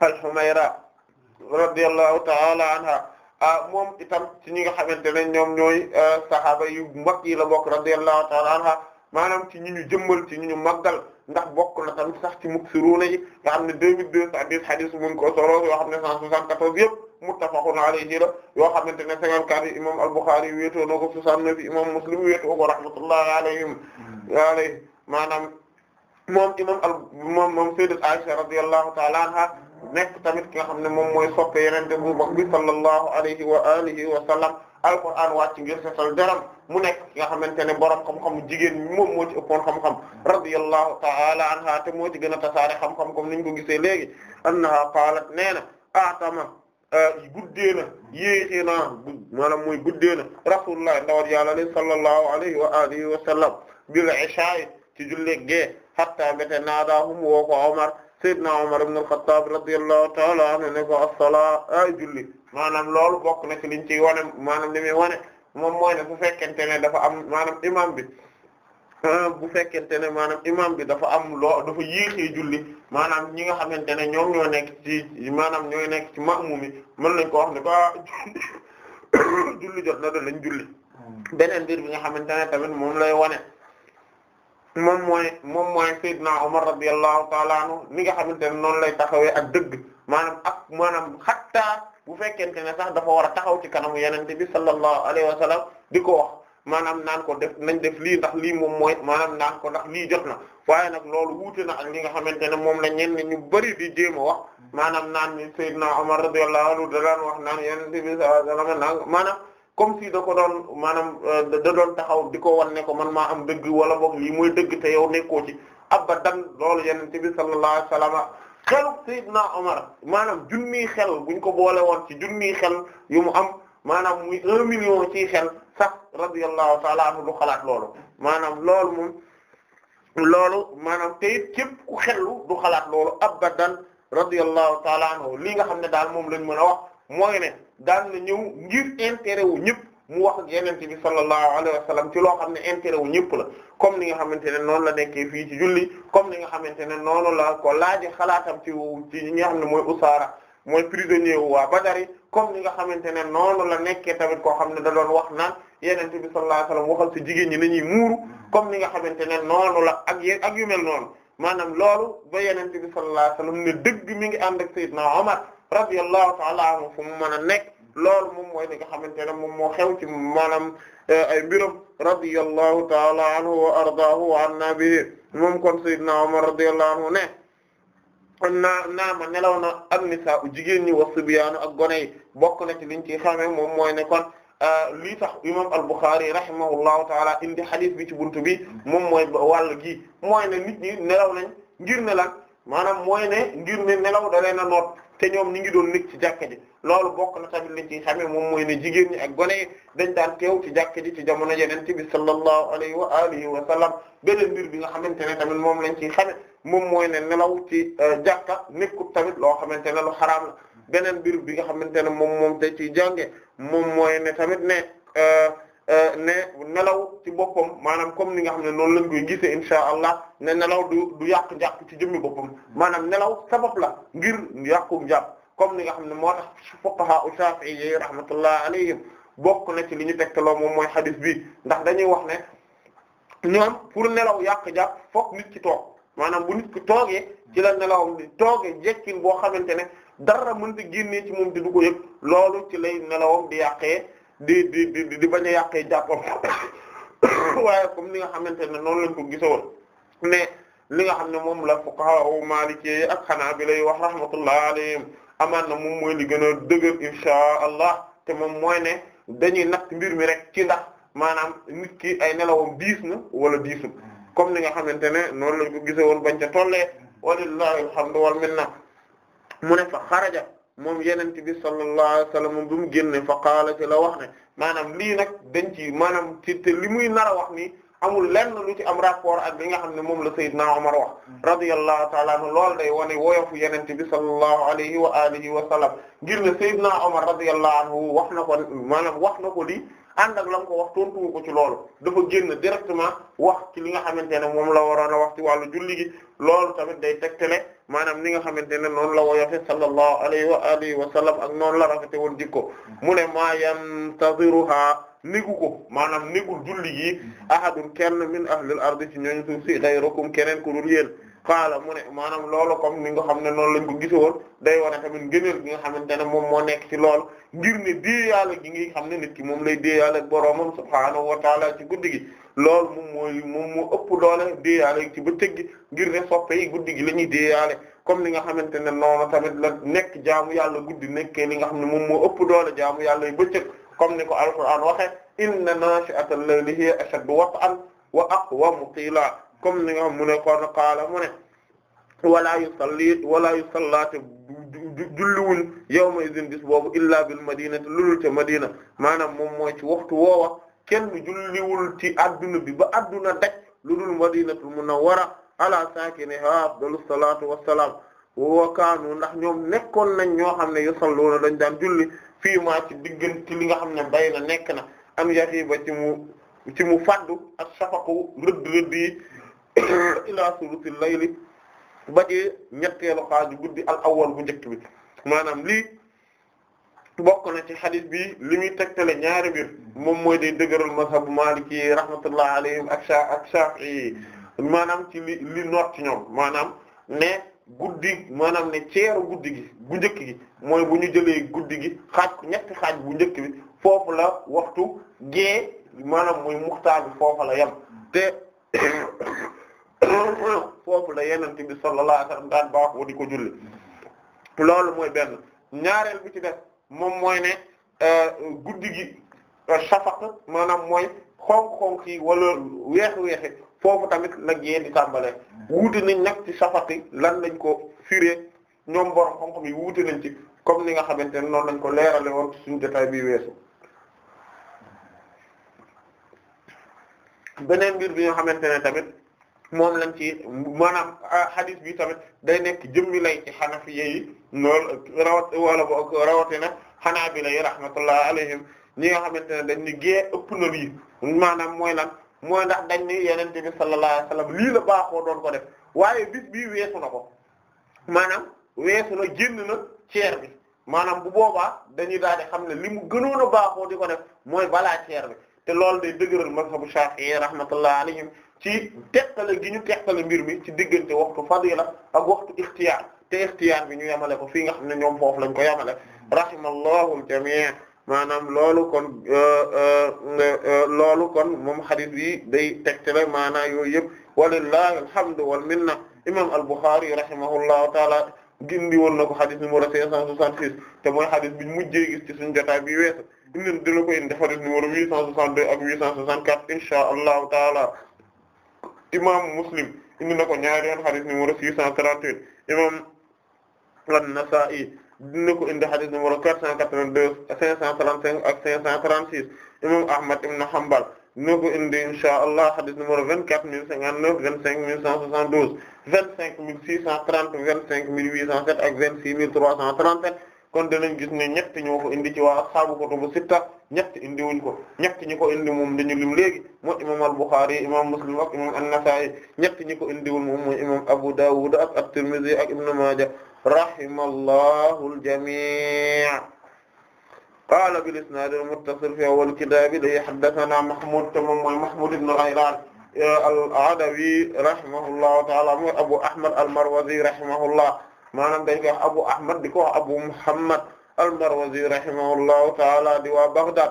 al Humayra radiyallahu ta'ala anha ah, moom itam ci ñi nga xamante ne ñoom ñooy ah, sahaaba yu mag yi la bokk radiyallahu ta'ala anha maanaam ci ñi ñu jëmmal ci ñi ñu màggal ndax bokk na tamit sax ci muksiruuna yi nga xam ne deux mille deux cent dix hadith mu ngi ko solo yoo xam ne cent soixante-quatorze yëpp muttafaqun alayhi la yoo xamante ne cinquante-quatre yi imam al-Bukhari wéetoo na ko soixante-neuf yi imam Muslim wéetoo ko rahmatullahi alayhim hmm. alayhi maanaam moom imam al moom moom sayyidat Aisha radiyallahu ta'ala anha nekk tamit ki nga xam ne moom mooy soppe yenente bu mag bi sallallahu alayhi wa alihi wa sallam alquran wàcc ngir setal deram mu nekk ki nga xamante ne borom xam-xam jigéen ñi moom moo ci ëppoon xam-xam radiyallahu ta'ala anha te moo ci gën a tasaare xam-xam comme niñ ko gisee léegi annaha qalat nee na atama euh, guddee na yéexee naa maanaam mooy guddee na rasulullah ndawat yàlla sallallahu alayhi wa alihi wa sallam bil isha ci julleeg gee hatta mbete naadahum woo ko Omar sayyidna Omar ibn al-Khattab radiyallahu ta'ala anhu ne ko as-salaa ay julli maanaam loolu bokk na ci liñ ci wane maanaam li muy wane moom mooy ne bu fekkente ne dafa am maanaam imam bi ah, bu fekkente ne maanaam imam bi dafa am loo dafa yéexee julli maanaam ñi nga xamante ne ñoom ñoo nekk ci maanaam ñooy nekk ci ma'mum yi mën nañ ko wax ne ba ah, [coughs] julli jot na da lañ julli hmm. beneen mbir bi nga xamante ne tamit moom lay wane moom mooy moom mooy Seydina Omar radiyallahu ta'ala anhu ni nga xamante ne noonu lay taxawee ak dëgg maanaam ak maanaam xattaa bu fekkente ne sax dafa war a taxaw ci kanamu yenente bi sallallahu alay wa sallam di ko wax maanaam naan ko def nañ def lii ndax lii moom mooy maanaam naan ko ndax lii jot na waaye nag loolu wuute na ak li nga xamante ne moom la ñenn ñu bari di jéem a wax maanaam naan Seydina Omar radiyallahu anhu da daan wax naan yenente bi sallallahu alayhi wa sallam naan maanaam comme si da ko doon maanaam euh, da doon taxaw di ko wan ne ko man maa am dëgg wala boog lii mooy dëgg te yow nekkoo ci abadan loolu yenente bi sallallahu alayhi wasallam xelu Seydina Omar maanaam junniy xel buñ ko boole woon ci junniy xel yu mu am maanaam muy un million ci xel sax radiyallahu ta'ala anhu du xalaat loolu maanaam loolu moom loolu maanaam te it képp ku xellu du xalaat loolu abadan radiyallahu ta'ala anhu lii nga xam ne daal moom lañ mën a wax mooy ne daal na ñëw ngir intérêt wu ñëpp mu wax ak yenente bi sallallahu alayhi wa sallam ci loo xam ne intérêt wu ñëpp la comme ni nga xamante ne noonu la nekkee fii ci julli comme ni nga xamante ne noonu la ko laaje xalaatam ci ci ñi nga xam ne mooy usaara mooy prisonnier wu waa Badari comme ni nga xamante ne noonu la nekkee tamit koo xam ne da doon wax naan yeneen bi sallallahu alayhi wa sallam waxal ci jigéen ñi na nañuy muuru comme ni nga xamante ne noonu la ak y ak yu noonu maanaam loolu ba yeneen bi sallallahu alayhi wa sallam ne dëgg mi ngi ànd ak Seydina Omar radiyallahu ta'ala anhu a nekk loolu moom mooy li nga xamante ne moom moo xew ci maanaam eh, ay mbiram radiyallahu ta'ala a wa ardaahu wa anna bihi moom kon sayyidina na naama nelaw na an-nisaa jigéen ñi wa sibyaanu ak gone yi bokk na ci liñ ci xamee moom mooy ne kon eh, lii tax imam al-Bukhari rahimahullahu ta'ala indi hadith bi ci buntu bi moom mooy wàll gi mooy ne nit na nelaw nañ ngir ne lan maanaam mooy ne ngir ne nelaw da na a noot te ñoom ñi ngi doon nekk ci jàkka ji loolu bokk na tamit li ci xamee moom mooy ne jigéen ñi ak gone yi dañ daan teew ci jàkka ji ci jamono yeneen bi sallallahu alayhi wa alihi wa sallam beneen mbir bi nga xamante ne tamit moom lañ ciy xame moom mooy ne nelaw ci euh, jàkka nekkut tamit loo xamante ne lu xaraam la beneen mbir bi nga xamante ne moom moom te ci jànge moom mooy ne tamit ne euh, Euh, ne nelaw ci boppam maanaam comme ni nga xam ne noonu lañ koy gisee insha allah ne nelaw du du yàq njàpp ci jëmmi boppam maanaam nelaw sabab la ngir yàqu njàpp comme ni nga xam ne moo tax fuqaha u Shafi'i rahmatullah alayhim bokk na ci li ñu tegtaloo moom mooy xadis bi ndax dañuy wax ne ñoom pour nelaw yàq njàpp fokk nit ci toog maanaam bu nit ki toogee ci la nelawam di toogee jekkin boo xamante ne dara mënta génnee ci moom di du ko yëg loolu ci lay nelawam di yàqee di di di di bañ a yàqee jàppam [coughs] waaye comme li nga xamante ne noonu lañu ko gisoon ne li nga xam ne moom la fuqaha maliki ak xanaa hanabila lay wax rahmatullah alayhim amaan na moom mooy li gën a dëgër inshaa allah te moom mooy ne dañuy natt mbir mi rek ci ndax maanaam nit ki ay nelawam diis na wala diisul comme li nga xamante ne noonu lañ ko gisoon bañ ca tollee walillahi alhamdu wal minna mu ne fa xaraja moom yenent bi sallallahu alayhi wa sallam moom bi mu génne fa qaala ci la wax ne maanaam lii nag dañ ci maanaam ci te li muy nar a wax nii amul lenn lu ci am rapport ak li nga xam ne moom la Seydina Omar wax radiyallahu ta'ala anhu loolu day wane woyofu yenent bi sallallahu alayhi wa alihi wa sallam ngir ne Seydina Omar radiyallahu anhu wax na ko maanaam wax na ko lii ànd la ko wax tontu ko ci loolu dafa génn directement wax ci li nga xamante ne moom la waroon a wax ci wàllu julli gi ta tamit day tegtale maanaam ni nga xamante ne noonu la woyofe sallallahu alayhi wa alihi wa sallam ak noonu la rafete woon jikko mu ne maa yantaziruha nigu ko maanaam nigul julli gi mm-hmm. ahadun kenn min ahlil ardi ci ñooñu suuf si ghayrukum keneen ku dul yéen qaala mu ne maanaam loolo kom ni nga xam ne noonu lañ ko gisoon day wane tamit ngëneel gi nga xamante ne moom moo nekk ci loolu ngir ne déeyaale gi nga xam ne nit ki moom lay déeyaale boroomam subhaanahu wa taala ci guddi gi loolu moom mooy moom moo ëpp doole déeyaale ci bëccëg gi ngir ne soppe yi guddi gi la ñuy déeyaale comme li nga xamante ne noonu tamit la nekk jaamu yàlla guddi nekkee li nga xam ne moom moo ëpp doole jaamu yàlla yu bëccëg comme ni ko alquran waxe inna naashi'atal layli hiya ashaddu wat'an wa aqwamu qiila comme ni nga xam mu ne kon qaala mu ne walaa yusalli walaa yusallaate julliwuñ yawma idin bis boobu illaa bil madinati lulul ca madina maanaam moom mooy ci waxtu woowa kenn julliwul ci adduna bi ba adduna lu daj lulul madinatul munawwara ala saakinihaa afdalu salaatu wassalaam wa kaanu ndax ñoom nekkoon nañ ñoo xam ne yusalluuna dañ daan julli fii maa ci diggante li nga xam ne bay na nekk na am yaxiiba ci mu ci mu faddu ak safaqu rëdd rëdd [coughs] ilaa sulusil layli ba ci ñetteelu xaaju guddi al awwal bu njëkk bi maanaam lii bokk na ci xadis bi li muy tegtale ñaari mbir moom mooy de dëgëral mazhabu maliki yi rahmatullah alayhim ak sha ak maanaam ci li li noot ci ñoom maanaam ne guddi maanaam ne ceeru guddi gi bu njëkk gi mooy bu ñu jëlee guddi gi xaaj ko ñetti xaaj bu njëkk bi foofu la waxtu gée maanaam muy muxtaar bi foofu la yem te [coughs] foofu la yeneen bi sallallahu alayhi wa sallam daan baaxoo di ko julli loolu mooy benn ñaareel bi ci def moom mooy ne euh, guddi gi euh, shafaq maanaam mooy xonq xonk yi wala weex-weexi foofu tamit la gée di tàmbalee wuute nañ nag ci shafaq lan lañ ko firé ñoom borom xam-xam yi wuute nañ ci comme ni nga xamante ne noonu lañ ko leerale woon ci suñu jotaay bi weesu beneen mbir bi nga xamante ne tamit moom lañ ci maanaam ah, hadith bi tamit day nekk jëmmi lay ci xanafiya yi lool rawat wala boog rawatina xanaabila yi rahmatullah alayhim ñi nga xamante ne dañ ni gée ëpp na lii maanaam mooy lan mooy ndax dañ ni yonent bi sallallahu alayhi lii la baaxoo doon ko def waaye bis bii weesu na ko maanaam weesu na génn na ceer bi maanaam bu boobaa dañuy daal di xam ne li mu gënoon a baaxoo di ko def mooy balaa ceer bi te loolu day dëgëral mazhabu Shafi'i rahmatullah alayhim ci teqale gi ñu teqale mbir mi ci diggante waxtu fadila ak waxtu ixtiyaar te ixtiyaar bi ñu yamale ko fii nga xam ne ñoom foofu lañu ko yemale rahimallahu al-jami' maanaam loolu kon euh, euh, loolu kon moom hadith bi day tegtale maanaa yooyu yëpp walillahi alhamdu wal minna imam al-Bukhari rahimahullahu taala gindi woon na ko hadith numéro 566 te mooy hadith bi mujjee gis ci suñu jotaay bi weesu indi dina ko indi hadith numéro 862 ak 864 insha allahu taala imaamu muslim indi na ko ñaari yoon xadis numéro 638 imam an-Nasa'i dina ko indi xadis numéro 482 535 ak 536 imam Ahmad ibn Hanbal dina ko indi insha Allah xadis numéro 24059 25172 25630 25807 ak 26337 kon danañ gis ne ñett ñoo ko indi ci waa ashaabu kutubu sitta ñett indi wuñ ko ñett ñi ko indi moom dañu lim léegi mooy imam al-Bukhari imam Muslim ak imam an-Nasa'i ñett ñi ko indiwul moom mooy imam Abu Dawud ak at-Tirmidhi ak Ibn Maaja rahimallahu al-jami' qaala bil-isnaad al-muttasil fi awwal kitaab li haddathanaa Mahmoud te moom mooy Mahmoud ibn Ghaylaan al-Adawi rahimahullahu ta'ala mooy Abu Ahmad al-Marwazi rahimahullah maanaam dañ koy wax abu ahmad di ko wax abu muhammad al-marwazi rahimahullahu taala di waa baghdad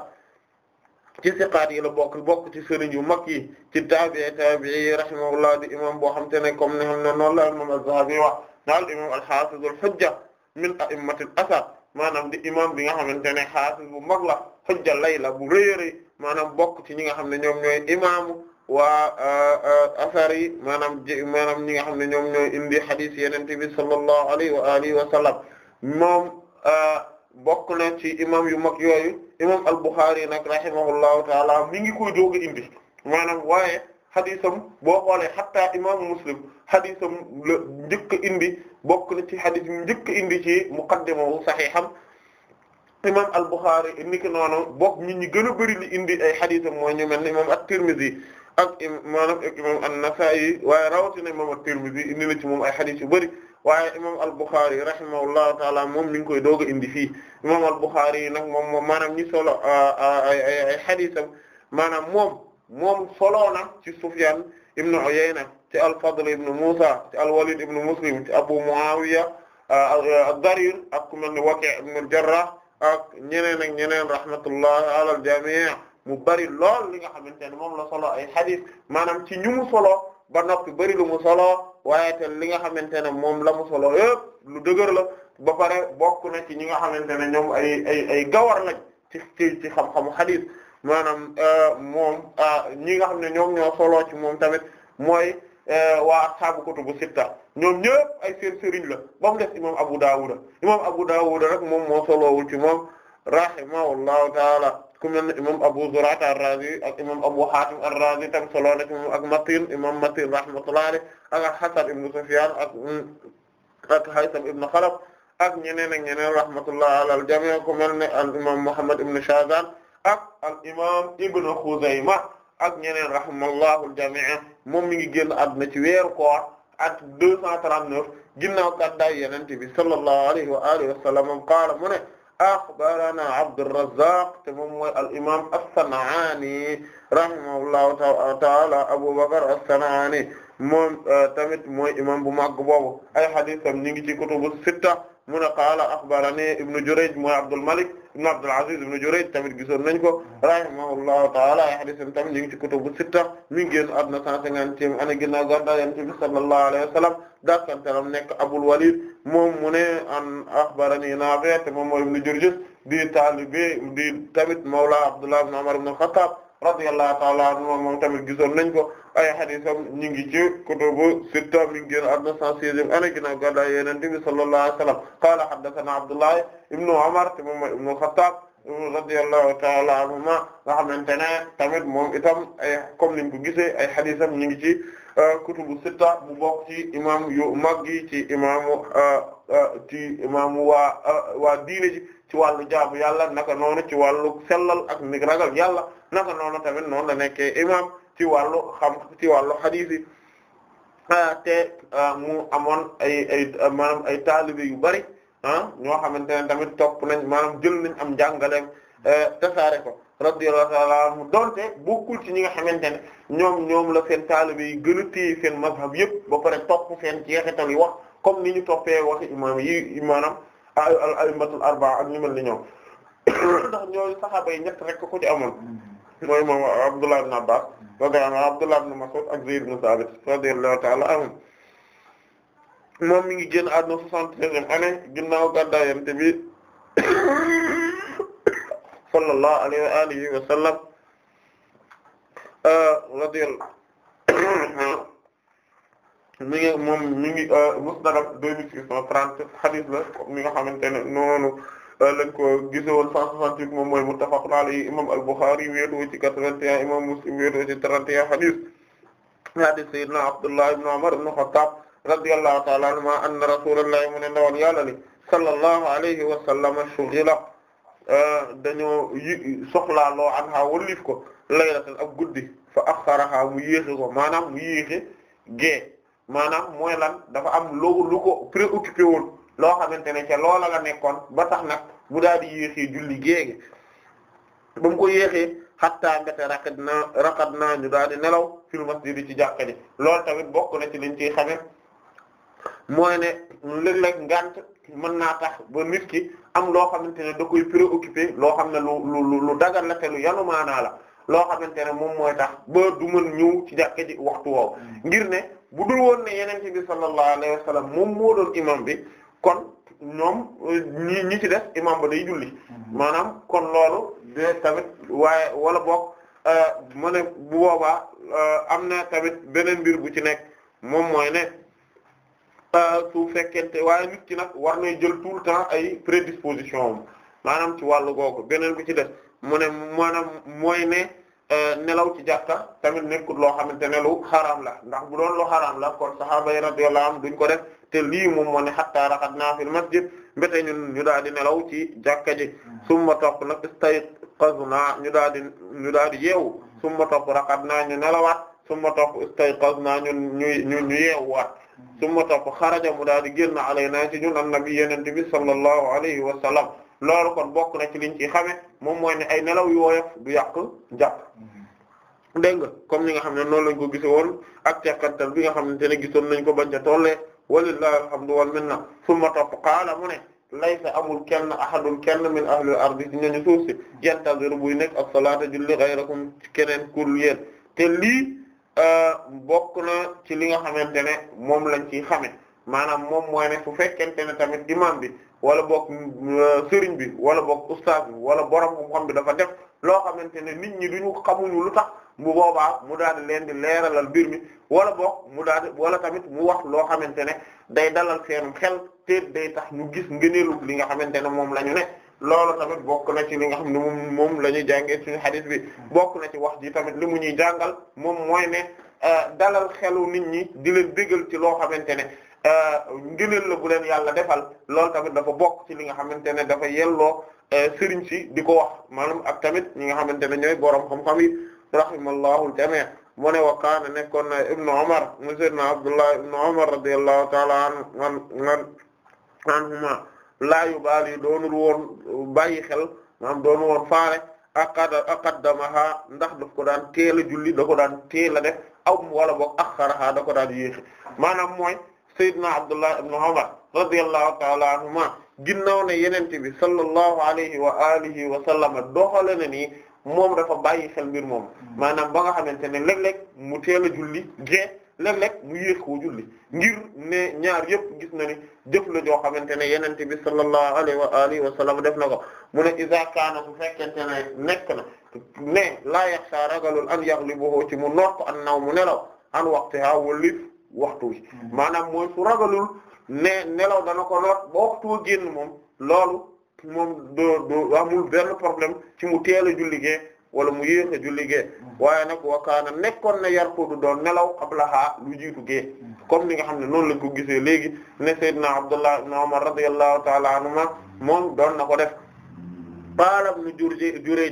ci siqaat yi la bokk bokk ci sëriñ yu mag yi ci taabi'i taabi'i rahimahullah di imam boo xam te ne comme ni xam ne noonu la imam az-zahabi wax naal imam al-hafiz al-hujja min a'immati al-athar maanaam di imam bi nga xamante ne hafiz bu mag la hujja lay la bu rëy a rëy maanaam bokk ci ñi nga xam ne ñoom ñooy imaamu waa asar yi maanaam maanaam ñi nga xam ne ñoom ñoo indi hadith yenente bi sallallahu alayhi wa alihi wa sallam moom bokk na ci imam yu mag yooyu imam al-Bukhari nag rahimahullahu taala mi ngi koy doog a indi maanaam waaye haditham boo xoolee hatta imam Muslim haditham la njëkk indi bokk na ci hadith yi njëkk a indi ci muqaddimahu sahiham imam al-Bukhari indi ki noonu bokk ñi ñi gën a bëri li indi ay haditham mooy ñu mel ni imam at-Tirmidhi ak maanaam ak imam an-Nasa'i waaye rawatina imam at-Tirmidhi indi na ci moom ay xadis yu bëri waaye imam al-Bukhari rahimahullahu taala moom mi ngi koy doog a indi fii imam al-Bukhari yi nag moom moom maanaam ñi solo ay ay ay xadisam maanaam moom moom solo na ci Sufyan ibn Uyayna ci al-Fadl ibn Musa ci al-Walid ibn Muslim ci Abu Muawiya ad-Darir ak ku mel ne Waki' ibn al-Jarrah ak ñeneen ak ñeneen rahmatullahi ala al-jami' mu bari lool li nga xamante ne moom la solo ay xadis maanaam ci ñu mu solo ba noppi bari lu mu solo waaye te li nga xamante ne moom la mu solo yëpp lu dëgër la ba pare bokk na ci ñi nga xamante ne ñoom ay ay ay gawar lañ ci ci ci xam-xamu xadis maanaam euh, moom euh, ñi nga xam ne ñoom ñoo solo ci moom tamit mooy euh, waa ashaabu kutubu sitta ñoom ñëpp ay seen sëriñ la ba mu des imam Abu Dawud imam Abu Dawud rek moom moo solowul ci moom rahimahullahu taala ku mel ne imam Abu Zur'a ar-Razi ak imam Abu Hatim ar-Razi tam solo na ci moom ak Matin imam Matin rahmatullahi alayhi ak Hasan ibn Sufyan ak ak Haytham ibn Khalaf ak ñeneen ak ñeneen rahmatullahi ala al-jami' ku mel ne al imam Muhammad ibn Shazan ak al imam Ibn Khuzaymah ak ñeneen rahimallahu al-jami' moom mi ngi génn àdduna ci weeru koor at 239 ginnaaw kàddaay Yonent bi sallallahu alayhi wa alihi wa sallam qaala mu ne axbarana Abdurrazzaq te moom mooy al imaam as-San'aani rahimahullahu ta'ala Abu Bakr as-San'aani moom euh, tamit mooy imaam bu mag boobu ay hadiisam ñu ngi ci kutubu sitta mu ne qaala axbarani Ibn Jurayj mooy Abdul Malik ibn Abdul Aziz ibn Jurayj tamit gisoon nañ ko rahimahullahu ta'ala ay hadiisam tamit ñu ngi ci kutubu sitta mi ngi génn àdduna 150e année ginnaaw gàddaay Yonent bi sallallahu alayhi wa sallam dakkantalam nekk Abul Walid moom mu ne an akhbarani Naafi' moom mooy ibn Jurjus di taalibe di tamit mawla Abdullah ibn Umar ibn Khattab radiyallahu ta'ala anhu moom tamit gisoon nañ ko ay hadisam ñu ngi ci kutubu sitta mi ngi génn àdduna 116 ana ginnaaw gàddaay Yonent bi sallallahu alayhi wa sallam qaala haddathana Abdullah ibnu Umar te moom mooy ibnu Khattab radiyallahu ta'ala anhuma nga xamante ne tamit moom itam ay comme niñ ko gisee ay hadisam ñu ngi ci euh, kutubu sitta mu bokk ci imam yu mag yi ci imaamu euh, euh, ci imaamu waa waa diine ji ci wàllu jaamu yàlla naka noonu ci wàllu sellal ak ni ragal yàlla naka noonu tamit noonu la nekkee imam ci wàllu xam ci wàllu hadith ah, te ah, mu amoon ay ay maanaam ay taalibe yu bari ah, ñoo xamante ne tamit topp nañ maanaam jël nañ am jàngaleem eh, tasaare ko radiyallahu ta'ala anhu donte bokkul ci ñi nga xamante ne ñoom ñoom la seen taalibe yi gën a téye seen mazhab yëpp ba pare topp seen jeexital yi wax comme ni ñu toppee waxi imaam yi maanaam al a'immatul arba'a ak ñu ñoom [coughs] ndax ñooy saxaaba yi ñett rek ku ci amoon mooy moom Abdullah ibn Abbas radiyallahu anhu Abdullah ibn Mas'ud ak Zayd ibn Thabit radiyallahu ta'ala anhum moom mi ngi génn àdduna soixante ginnaaw gàddaay [coughs] [coughs] mi ngi moom mi ngi euh, musnadam deux mille six cent trente xadis la mi nga xamante ne noonu euh, lañ ko gisowoon cent soixante-huit moom mooy muttafaqun alayhi imam al-Bukhari wéetoo ci quatre-vingt-un imam Muslim wéetoo ci trente et un xadis ñaati sayyidina Abdullah ibn Umar ibn Khattab radiyallahu ta'ala anhuma anna rasulallahi mu ne ndawal yàlla li sallallahu alayhi wa sallam shughila euh, dañoo yi soxlaa loo an ha wallif ko laylatan ak guddi fa akharaha mu yéexe ko maanaam mu yéexe gée maanaam mooy lan dafa am lu lu ko préoccupé woon loo xamante ne ca loola la nekkoon ba tax nag mu daal di yéexee julli géege ba mu ko yéexee xattaa mbete raqad na raqad naa ñu daal di nelaw fil masjid ci jàkka ji loolu tamit bokk na ci liñ ciy xamee mooy ne léeg-léeg ngant mën naa tax ba nit ki am loo xamante ne da koy préoccupé loo xam ne lu lu dagal la te lu yanumaanaa la loo xamante ne moom mooy tax ba du mën ñëw ci jàkka ji waxtu woow mm. ngir ne bu dul woon ne yenente bi sallallahu alayhi wa sallam moom moo doon imam bi kon ñoom ñi ñi ci def imam ba day julli mhm. maanaam kon loolu de tamit waaye wala boog euh, mu bu boobaa euh, am na tamit beneen mbir bu ci nekk moom mooy ne euh, su fekkente waaye nit nag war na jël tout le temps ay prédisposition am maanaam ci wàllu googu beneen bu ci def mu ne maanaam mooy Euh, nelaw ci jàkka tamit nekkul loo xamante ne lu xaraam la ndax bu doon lu xaraam la kon sahaaba yi radiyallahu anhum duñ ko def te lii moom moo ne hatta raxadna fil masjid mbete ñu daal di nelaw ci jàkka ji summa topp nag istayqazna ñu daal di ñu daal di yeewu summa topp naa ñu nelawaat summa topp istayqazna ñun ñu ñu ñu yeewuwaat summa topp xaraja mu daal di génn alayna ci ñun annabi yenente bi sallallahu alayhi wa sallam loolu kon bokk na ci liñ ci xame moom mooy ne ay nelaw yu woyof du yàq jàpp dégg nga comme ni nga xam ne noonu lañ ko gise woon ak teqantal bi nga xamante ne gisoon nañ ko bañ ca tollee walillahi alhamdu wal minna summa topp qaala mu ne laysa amul kenn ahadun kenn min ahlil ardi ci ñooñu suuf si yantaziru buy nekk ak salaata julli ghayrakum ci keneen kul yéen te lii euh, bokk na ci li nga xamante ne moom lañ ciy xame maanaam moom mooy ne fu fekkente ne tamit imam bi wala boog euh, sëriñ bi wala boog ustaas bi wala borom xam-xam bi dafa def loo xamante ne nit ñi duñu xamuñu lu tax mu boobaa mu daal di leen di leeralal mbir wala boog mu daal di wala tamit mu wax loo xamante ne day dalal seen xel te day tax ñu gis ngëneelu li nga xamante ne moom la ñu ne loolu tamit bokk na ci li nga xam ne moom moom la ñuy jàngee suñu hadith bi bokk na ci wax ji tamit li mu ñuy jàngal moom mooy ne euh, dalal xelu nit ñi di leen déggal ci loo xamante ne. Euh, ngëneel la bu leen yàlla defal loolu tamit dafa bokk ci li nga xamante ne dafa yelloo euh, sëriñ si di ko wax maanaam ak tamit ñi nga xamante ne ñooy borom xam-xam yi rahimallahu jamii ne wa kaana nekkoon na ibnu Umar sayyidina Abdullah ibnu Umar radiyallahu ta'ala anhu anhuma laa yubaali doonul woon bàyyi xel maanaam doonu woon faale aqada ndax daf ko daan teel a da ko daan teel a def aw wala boog axaraha da ko mooy Seydina Abdullah ibn Umar radiyallahu ta'ala anhuma ginnaaw ne yenente bi sallallahu alayhi wa alihi wa sallama doxale na nii moom dafa bàyyi xel mbir moom maanaam ba nga xamante ne léeg-léeg mu teel a julli gée lek léeg mu yéex koo julli ngir ne ñaar yëpp gis na ni jëf la xamante ne yenente bi sallallahu alayhi wa alihi wa sallam def na ko mu ne iza kaana su fekkente ne nekk na ne la yaxsha ragalul an yaghlibuhu ci mu noot ko an mu nelaw an waqtiha walif waxtu wi mm-hmm. maanaam mooy su ragalul ne nelaw dana ko noot ba waxtu wa génn moom loolu moom doo doo amul benn problème ci mu teel a julli gee wala mu yéex a julli gee mm-hmm. waaye nag wakaana nekkoon na yar ko du doon nelaw qablaha lu jiitu gee mm-hmm. comme ni nga xam ne noonu lañ ko gisee léegi ne Seydina Abdullah ibn Umar radiyallahu ta'ala anhuma moom doon na ko def baalam nu jur juree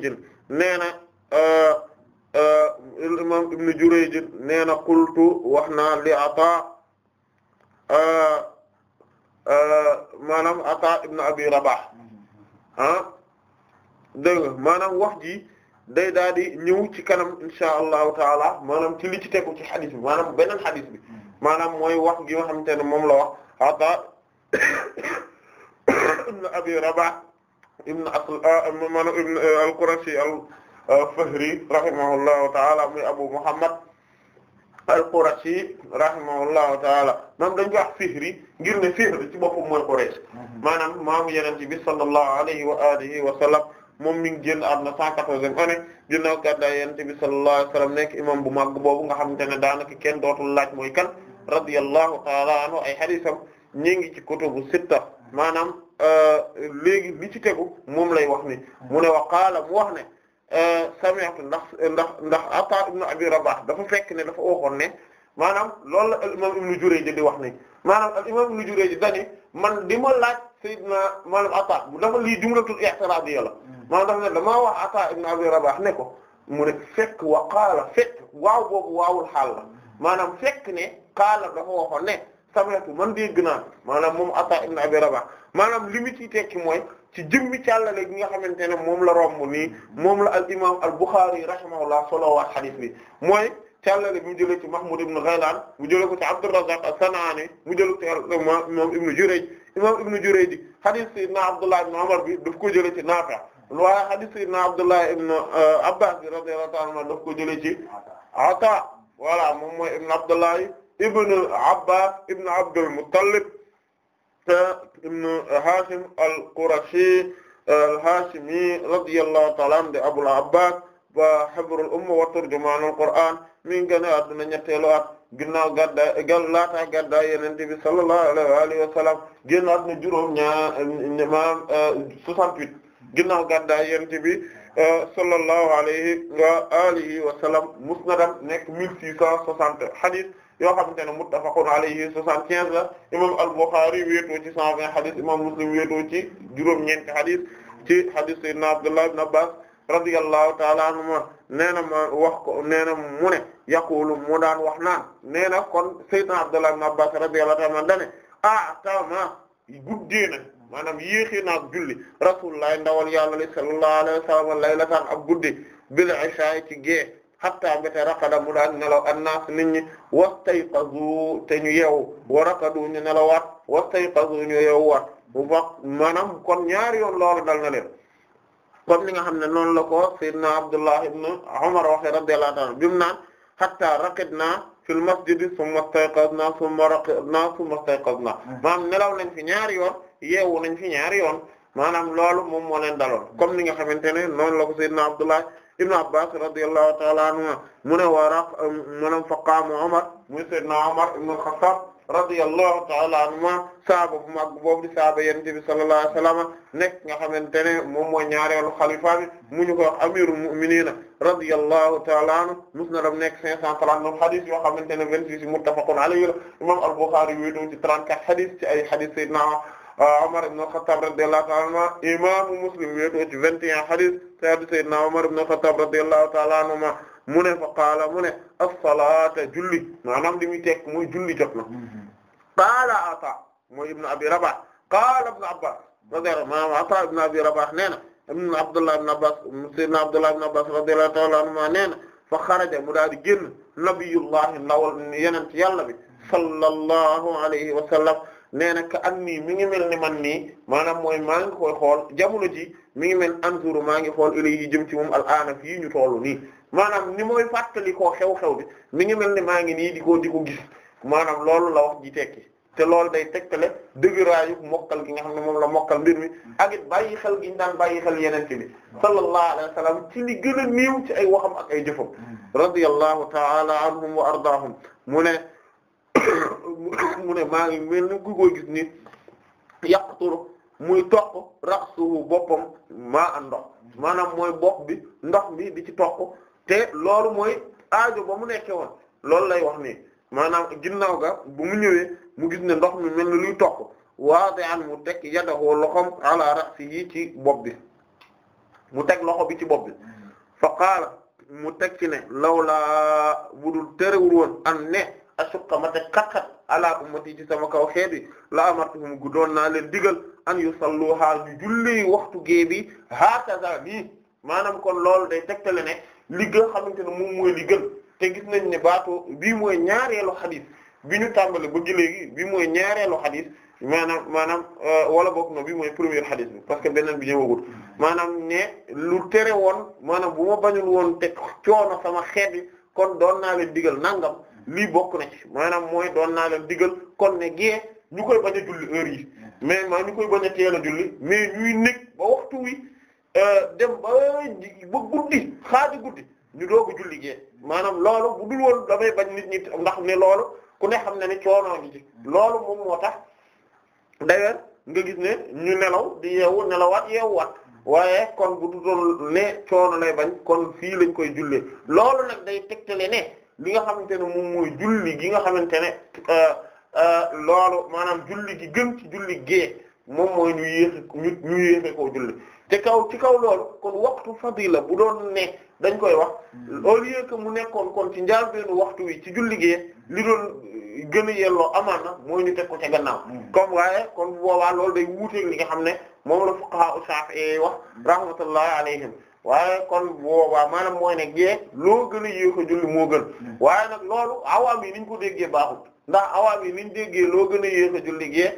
Euh, imam ibn Jurayj nee na qultu wax naa li Ata euh, euh, maanaam Ata ibn Abi Rabah ah dégg nga maanaam wax ji day daal di ñëw ci kanam insha allahu taala maanaam ci li ci tegu ci xadis bi maanaam beneen xadis bi maanaam mooy wax gi nga xamante ne moom la wax Ata [coughs] ibn Abi Rabah ibn Asl maanaam ibn al-Qurashi al Fihri rahimahullahu taala muy Abu Muhammad al-Qurashi rahimahullahu taala maanaam dañ ko wax Fihri ngir ne Fihr ci boppam mooy Quraysh mhm. maanaam maamu Yonent bi sallallahu alayhi wa alihi wa sallam moom mi ngi génn àdduna 114e année ginnaaw gàddaay Yonent bi bu mag boobu nga xamante ne daanaka kenn dootul laaj mooy kan radiyallahu taala anhu ay hadiisam ñi ngi ci kutubu sitta maanaam euh, léegi li ci tegu lay wax ni mhm. mu ne wa qaala mu wax ne Euh, sami'tu ndax ndax ndax Ata ibn Abi Rabah dafa fekk ne dafa waxoon ne maanaam loolu la al-imam Ibn Jurayj di wax ne maanaam al-imam Ibn Jurayj dañu man di ma laaj Seydina maanaam Ata dafa lii jumlatul i'tirabiyya la hmm. maanaam dafa ne damaa wax Ata ibn Abi Rabah ne ko mu ne fekk wa qaala fekk waaw boobu waawul xaal la hmm. maanaam fekk ne qaala dafa waxoon ne. sami'tu man dégg naa maanaam moom Ataa ibn Abi Rabah maanaam li mu ciy tekki mooy ci jëmmi càllale gi nga xamante ne moom la romb nii moom la al imaam al Bukhari rahimahullah solowaat hadith bi mooy càllale bi mu jëlee ci Mahmoud ibn Ghaylan mu jëlee ko ci Abdurrazzaq as-San'ani mu jëlee ko ci imaam ibn Jurayj imaam ibn Jurayj di hadith sayyidina Abdullah ibn Umar bi daf ko jëlee ci Naafi' waaye hadith sayyidina Abdullah ibn euh, Abbas bi radiyallahu ta'ala anhu daf ko jëlee ci Ataa voilà moom mooy ibn Abdullah ibn Abbas ibn Abdul Muttalib ibn Hashim al-Qurashi al-Hashimi radiyallahu ta'ala anhu Abul Abbas wa hibrul umma wa turjumanul Qur'an mi ngi gën a adduna ñetteelu at ginnaaw gadda gal laata gadda Yonent bi sallallahu alayhi wa alihi wa sallam génn adduna juróom ñaar maam 68 euh, ginnaaw gadda Yonent bi euh, sallallahu alayhi wa alihi wa sallam musnadam nekk 1660 hadith yoo xamante ne muttafaqun alayhi soixante-quinze la imam al-Bukhari wéetoo ci cent vingt hadith imam Muslim wéetoo ci juróom-ñeenti hadith ci hadith sayyidina Abdullah ibn Abbas radiyallahu ta'ala anhuma nee na ma wax ko nee na mu ne mu daan wax naan nee na kon sayyidina Abdullah ibn Abbas radiyallahu ta'ala anhuma dane ah tama guddee na maanaam yéexee na ak julli rasulullah ndawal yàlla sallallahu alayhi wa sallam laylatan ak guddi bil isha ci gée hatta mbete raqada mu daan nelaw annaas nit ñi wastayqazu te ñu yeewu wa raqadu ñu nelawaat wastayqazu ñu yeewuwaat bu baax maanaam kon ñaari yoon loolu dal na leen comme li nga xam ne noonu la ko sayyidna Abdullah ibn Umar waxe radiyallahu anhu bi na naan hatta raqadna fil masjidi summa stayqazna summa nelaw nañ fi ñaari yoon yeewu nañ fi ñaari yoon maanaam loolu moom moo leen daloon comme ni nga xamante ne noonu la ko sayyidna Abdullah ibnu abbas radiyallahu ta'ala anhuma mu ne wara manam fa qaama omar muy sayyidna omar ibnu al-khattab radiyallahu ta'ala anhuma saaba bu mag boobu di saaba yonent bi sallallahu alayhi wasallam nekk nga xamante ne moom moo ñaareelu xalifa bi mu ñu ko wax amirul mu'minina radiyallahu ta'ala anhu musnadam nekk 539 hadith yoo xamante ne 26 muttafaqun alayhi imam al-Bukhari wéetoo ci 34 hadith ci ay hadith sayyidna Umar ah, ibn al-Khattab radiyallahu ta'ala anhuma imaamu Muslim wéetoo ci vingt et un hadith te hadith Seydina Umar ibn al-Khattab radiyallahu ta'ala anhuma mu ne fa qaala mu ne as-salaata julli maanaam li muy tekk mooy julli jot na qaala Ataa mooy ibn Abi Rabah qaala ibn Abbas radiyallahu maanaam Ataa ibn Abi Rabah nee na ibn Abdullah ibn Abbas Seydina Abdullah ibn Abbas radiyallahu ta'ala anhuma nee na fa xaraja mu daal di génn nabiyullahi ndawal yeneen yàlla bi sallallahu alayhi wa sallam nee na ka am nii mi ngi mel ni man nii maanaam mooy maa ngi koy xool jamono ji mi ngi mel anzuru maa ngi xool ilay yi jëm ci moom al aana fii ñu toll nii maanaam ni mooy fàttali koo xew-xew bi mi ngi mel ni maa ngi nii di ko di ko gis maanaam loolu la wax ji tekki te loolu day tegtale dëgëraayu mokkal gi nga xam ne moom la mokkal mbir mi ak it bàyyi xel gi ñu daan bàyyi xel yeneen ci bi sallallahu alayhi wa sallam ci li gën a néew ci ay waxam ak ay jëfam mm. radiyallahu ta'ala anhum wa ardaahum mu ne mu ne maa ngi mel ni ku koy gis ni yaqturu muy toq ra'suhu boppam maa a ndox maanaam mooy bopp bi ndox bi di ci toq te loolu mooy aajo ba mu nekkee woon loolu lay wax nii maanaam ginnaaw ga bu mu ñëwee mu gis ne ndox mi mel ni luy toq waadi'an mu teg yadahu loxom ala yi ci bopp bi mu teg loxo bi ci bopp bi fa mu teg ci ne lawlaa budul terewul woon an ne asukka ma teg xat-xat ala ummati ci sama kaw xeet wi la amartuhum gu doon naa leen digal an yusalluha ñu julli waxtu gée bi hakaza nii maanaam kon loolu day tegtale ne li nga xamante ne moom mooy li te gis nañ ne baatu bii mooy ñaareelu xadis bi ñu tàmbale ba léegi bii mooy ñaareelu xadis maanaam maanaam euh, wala bokk na bii mooy premier xadis bi parce que beneen bi ñëwagul maanaam ne lu tere woon maanaam bu ma bañul woon te coono sama xeet yi kon doon naa leen digal nangam lii bokk na ci maanaam mooy doon naa leen digal kon ne gee ñu koy bañ a julli heure yi mais maa ñu koy bañ a teel a julli mais ñuy nekk ba waxtu wi euh, dem ba ba guddi xaaju guddi ñu doog a julli gee maanaam loolu bu dul woon damay bañ nit ñi ndax ne loolu ku ne xam ne ne coono ngi ci loolu moom moo tax d'ailleurs nga gis ne ñu nelaw di yeewu nelawaat yeewuwaat waaye kon bu dul doon ne coono lay bañ kon fii lañ koy jullee loolu nag day tegtale ne. li nga xamante ne moom mooy julli gi nga xamante ne euh, euh, loolu maanaam julli gi gën ci julli gee moom mooy ñu yéexe ñu ñu yéexe koo julli te kaw ci kaw loolu kon waxtu fadila bu doon nekk dañ koy wax hmm. au lieu que mu nekkoon kon ci njaalbeenu waxtu wi ci julli gee li doon euh, gën a yelloo amaana mooy ñu teg ko ca gannaaw hmm. comme waaye kon bu loolu day wuuteeg li nga xam ne moom la fuqaha u Shafi'i wax hmm. rahmatullahi alayhim waaye kon boobaa maanaam mooy ne gee loo gën a yéex a julli moo gën hmm. waaye nag loolu awaam yi niñ ko déggee baaxul ndax awaam yi niñ déggee loo gën a yéex a julli gee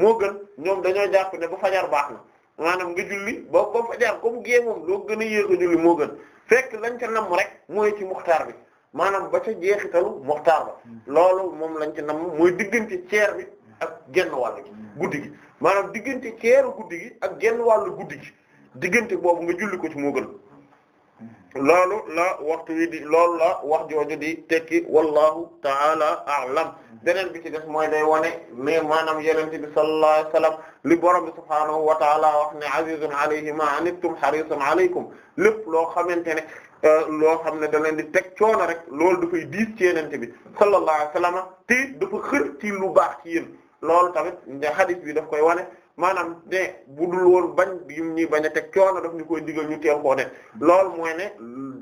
moo gën ñoom dañoo jàpp ne ba fajar baax na maanaam nga julli ba ba fajar comme gee moom loo gën a yéex a julli moo gën fekk lañ ca namm rek mooy ci muxtaar bi maanaam ba ca jeexitalu muxtaar ba hmm. loolu moom lañ ca namm mooy diggante ceer bi ak genn wàll gi hmm. guddi gi maanaam diggante ceeru guddi gi ak genn wàllu guddi gi diggante boobu nga julli ko ci moo gën loolu la waxtu wi di loolu la wax jooju di tekki wallahu taala a'lam beneen bi ci des mooy day wane mais maanaam yenente bi sallallahu alayhi li borom bi subhaanahu wa taala wax ne azizun alayhi anittum harisun alaykum lépp loo xamante ne euh, loo xam ne da di teg coono rek loolu dafay diis ci yenente bi sallallahu alayhi wasallam te lu baax ci loolu tamit nga hadith bi daf koy wane maanaam ne bu dul woon bañ yim ñuy bañ a teg coono daf ñu koy digal ñu teew koo ne loolu mooy ne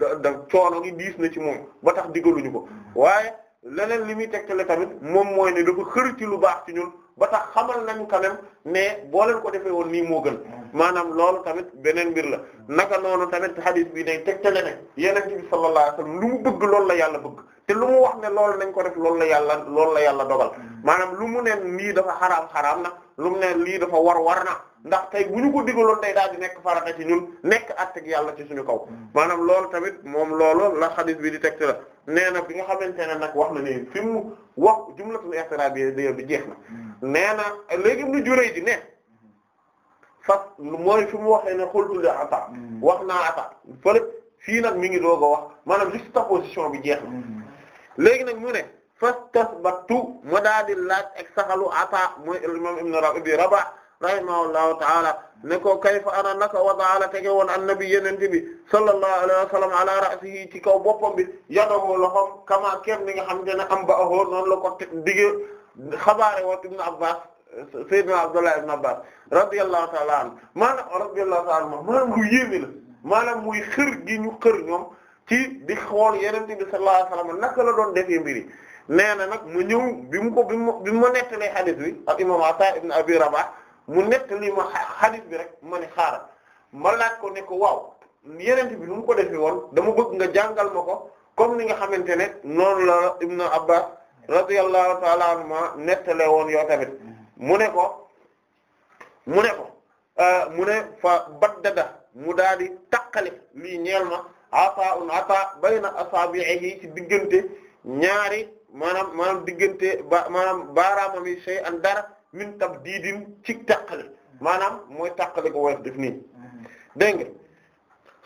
da da coono gi diis na ci moom ba tax digaluñu ko mm-hmm. waaye leneen li muy tegtale tamit moom mooy ne dafa xër ci lu baax ci ñun ba tax xamal nañu quand même ne boo leen ko defee woon nii moo gën maanaam loolu tamit beneen mbir la naka noonu tamit hadith bi day tegtale ne yonent bi sallallahu alayhi wasallam lu mu bëgg loolu la yàlla bëgg te lu mu wax ne loolu nañ ko def loolu la yàlla loolu la yàlla dogal maanaam lu mu ne lii dafa xaraam xaraam na lu mu ne lii dafa war war na ndax tey bu ñu ko digaloon tey daal di nekk farata ci ñun nekk àtteeg yàlla ci suñu kaw maanaam loolu tamit moom loolu la hadith bi di tegte la nee na bi nga xamante ne nag wax na ne fi mu wax jumlatul i'tirabiyya bi jeex na nee na léegi Ibnu Jurayj di ne fas mooy fi mu waxee ne xultul ata mm-hmm. wax naa ata fële fii nag mi ngi doog a wax maanaam juxtaposition bi jeex na mm-hmm. léegi nag mu ne fas tasbattu ma daa di laaj ak saxalu ata mooy imam Ibnu Rabah rahimahullahu taala ne ko kayfa ana naka wadaala tege woon annabi yenente bi sallallahu alayhi wa sallam ala ra'sihi ci kaw boppam bi yadahu loxom kama kem ni nga xam te ne am ba ahoor noonu la ko xabaare woon ibn Abbas Seydina Abdullah ibn Abbas radiyallahu ta'ala anhu maanaam radiyallahu ta'ala anhu maanaam lu yéeme la maanaam muy xër gi ñu xër ñoom ci di xool Yonent bi sallallahu alayhi wasallam naka la doon defee mbiri nee na nag mu ñëw bi mu ko bi mu ma mu nettalee xadis bi ak imam Ata ibn Abi Rabah mu nettali ma xadis bi rek ma ne xaaral ma laaj ko ne ko waaw Yonent bi nu mu ko defee woon dama bëgg nga jàngal ma ko comme ni nga xamante ne noonu la Ibn Abbas radiyallahu ta'ala anhuma nettale woon yoo tamit mu ne ko mu ne ko euh, mu ne fa baddada mu daal di taqali lii ñeel ma ata un ata bayna asabi'ihi ci diggante ñaari maanaam maanaam diggante ba maanaam baaraamam yi sey an dara min tabdiidin ci taqali maanaam mooy taqali ko war def nii mm-hmm. dégg nga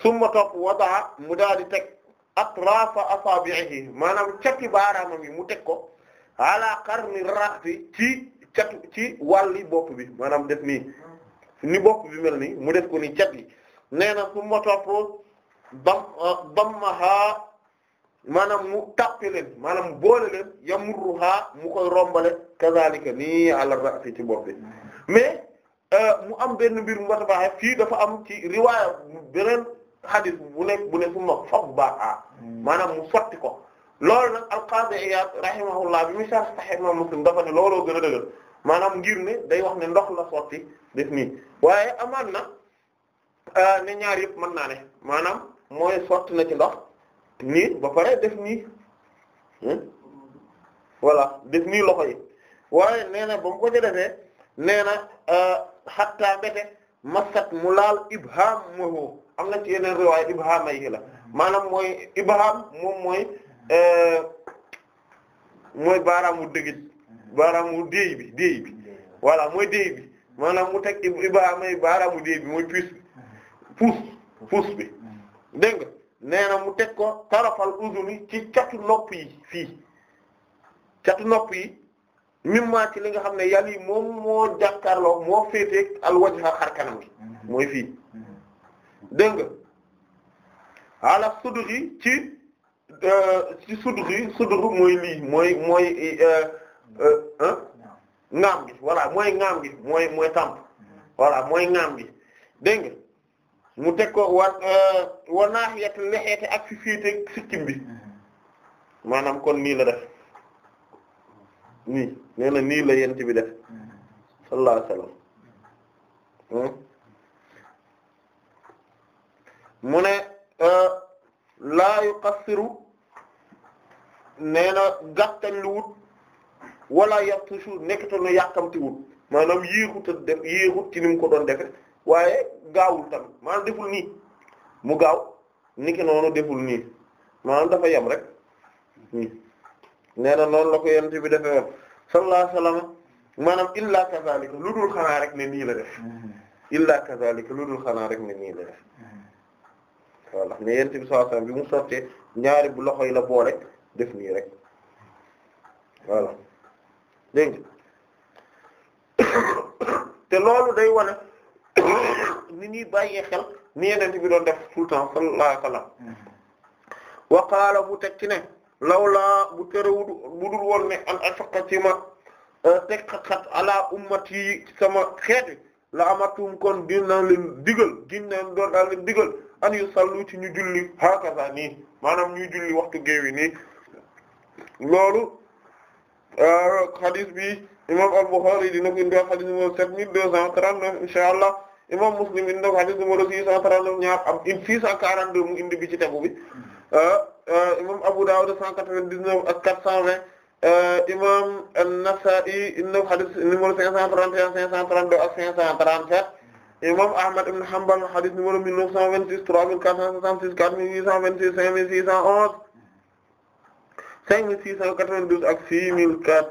summa topp wadaa mu daal di teg atrafa asabi'ihi maanaam cati baaraamam yi mu teg ko ala qarni ra'si ci catu ci wàlli bopp bi maanaam def nii ni bopp bi mel mu def ko ni cat yi nee na su ma topp mu tàppe leen maanaam mu boole leen yamurruhaa mu koy rombale kazaalika nii ala ra'si ci bopp mais euh, mu am benn mbir mu batabaxe fii dafa am ci riwaaya beneen xadis bu nekk bu ne su ma fab baax ah. hmm. maanaam mu sotti ko loolu nag al-Qaadi Iyaad rahimahullah bi mu sarh Sahih Imaam Muslim dafa ne looloo gën a dëgër maanaam ngir ne day wax ne ndox la sotti def nii waaye amaan na ah, ne ñaar yëpp man naa ne maanaam mooy sotti na ci ndox nii ba pare def nii hmm? voilà def nii loxo yi waaye nee ba mu ko ci defee nee na xattaa ah, mbete masat mu laal ibhaam am na ci yeneen riwaay ibhaama yi la maanaam mooy ibhaam moom mooy euh, mooy baaraamu dëgg baaraamu déey bi déey bi voilà mooy déey bi maanaam mu teg ibhaama yi baaraamu déey bi mooy puus bi bi dégg nga nee na mu teg ko tarafal uzuni ci catu nopp yi fii catu nopp yi mimma ci li nga xam ne yàlla yi moom moo jàkkaarloo moo féetee ak alwajha xar kanam gi mm-hmm. mooy fii mm-hmm. dégg nga ala sudri ci euh, ci sudri sudru mooy lii mooy mooy euh, euh, ngaam gi voilà mooy ngaam gi mooy mooy tàmp voilà mooy ngaam gi dégg mu teg ko wa wa naaxiyat lexeete ak fi féete sikkim bi maanaam kon nii la def nii nee na nii la yent bi def sallallahu alayhi mu ne euh, laa yuqassiru nee na gàttañ lu wut wala yaqtashu nekkatu na yàkkamti wut maanaam yéexut a def yéexut ci ni ko doon defe waaye gaawul tamit maanaam deful nii mu gaaw niki noonu deful nii maanaam dafa yem rek nii nee na noonu la ko yent bi defee woon sallallahu alayhi wasallam maanaam illa lu dul xanaa rek ne nii la def mm-hmm. illa kazalika lu dul xanaa rek ne nii la def mm-hmm. waaw ndax ne yent bi sallallahu alayhi wasallam bi mu sottee ñaari bu loxo yi la boole def nii rek voilà dégg [coughs] te loolu day wane [coughs] ni ñuy bàyyee xel ni yonent bi doon def tout le temps sallallahu alayhi wasallam bu mm-hmm. teg ci ne law bu terewul bu dul woon ne an afaqa ci ma euh, teg xat-xat ummati sama xeet la amatum kon dina leen digal dina leen daal leen digal an sallu ci ñu julli hakaza ni maanaam ñuy julli waxtu géewi nii loolu euh, hadith bi imam al-Bukhari dina ko indi hadith numéro 7239 insha Allah imam Muslim indi ko hadith numéro 639 ñaar am 642 mu indi bi ci tegu bi euh, euh, imam Abu Dawud 199 ak 420 imam An-Nasa'i indi ko hadith numéro 531 532 ak 537 imam Ahmad ibn Hanbal hadith numéro 1926 3466 4826 5611 5692 ak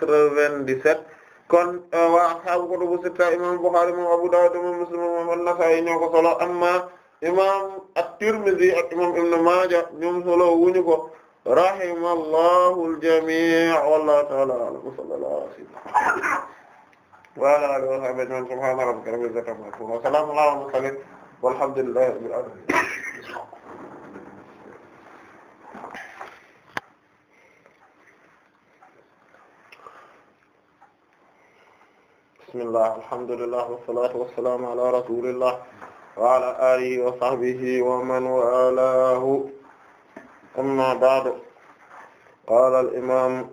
6097 kon euh, waa ashaabu kutubu sitta imam Bukhari moom Abu Dawud moom Muslim moom An-Nasa'i solo amma imam At-Tirmidhi ak imam Ibn Maaja ñoom solo wuñu ko rahimallahu al-jami' wallahu ta'ala a'lam sallallahu alayhi wa sallam وعلى آله وصحبه أجمعين سبحان ربك رب العزة عما يصفون وسلام على المرسلين والحمد لله رب العالمين بسم الله الحمد لله والصلاة والسلام على رسول الله وعلى آله وصحبه ومن والاه أما بعد قال الإمام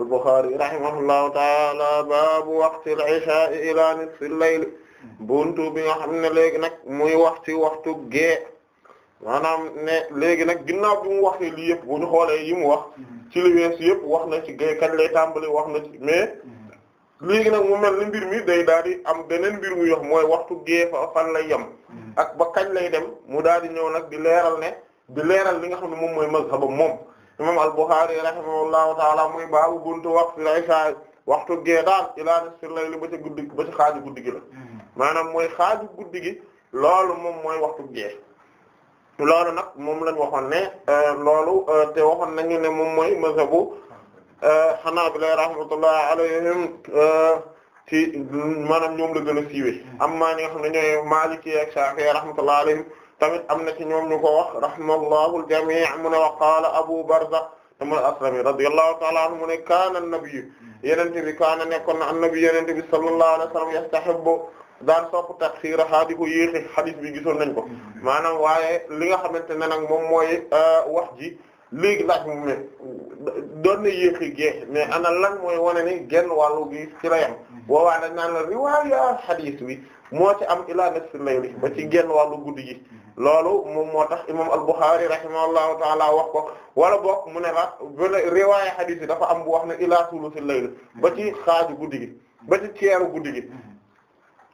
al-Bukhari rahimahullahu taala baabu waqtil ishaa ilaa nisfil layl buntu bi nga xam ne léegi nag muy wax ci waxtu gee maanaam ne léegi nag ginnaaw bi mu waxee lii yëpp bu ñu xoolee yi mu wax ci li weesu yëpp wax na ci gee kañ lay tàmbali wax na ci mais léegi nag mu mel ni mbir mi day daal di am beneen mbir muy wax mooy waxtu gee fa fan lay yem ak ba kañ lay dem mu daal di ñëw nag di leeral ne di leeral li nga xam ne moom mooy mazhabam moom imam al-Bukhari rahimahullahu taala muy baabu buntu waqtul isha waxtu gee daal ilaa nisfil layli ba ci guddi ba guddi gi la maanaam mooy xaaju guddi gi loolu moom mooy waxtu gee loolu nag moom lañ waxoon ne euh, loolu euh, te waxoon nañu ne moom mooy xanaa mazhabu euh, Hanaabila rahmatullah alayhim ci maanaam ñoom la gën a siiwee am maa ñi nga xam ne ñooy Maaliki ak Shaafi'i rahmatullah alayhim tamit am na ci ñoom ñu ko wax rahimallahu al-jami' mu ne wa qaala Abu Barza mu ne Aslami radiyallahu ta'ala anhu mu ne kaana an-nabiyyu yonent bi kaana nekkoon na an-nabiyyu yonent bi sallallahu alayhi wa sallam yastahibbu daan sopp taxiirahaa di ko yéexi hadith bi gisoon nañ ko maanaam waaye li nga xamante ne nag moom mooy euh, wax ji léegi laaj mu ne doon na gee mais ana lan mooy wane ni genn wàllu gi ci la yam boobaa dañ naan la riwaaya hadith bi moo ci am ilaa nisfil layli ba ci genn wàllu guddi gi loolu moom moo tax imam al-Bukhari rahimahullahu taala wax ko wala bokk mu ne la bana riwaaya hadith yi dafa am bu wax ne ila sulusil layl ba ci xaaju guddi ba ci ceeru guddi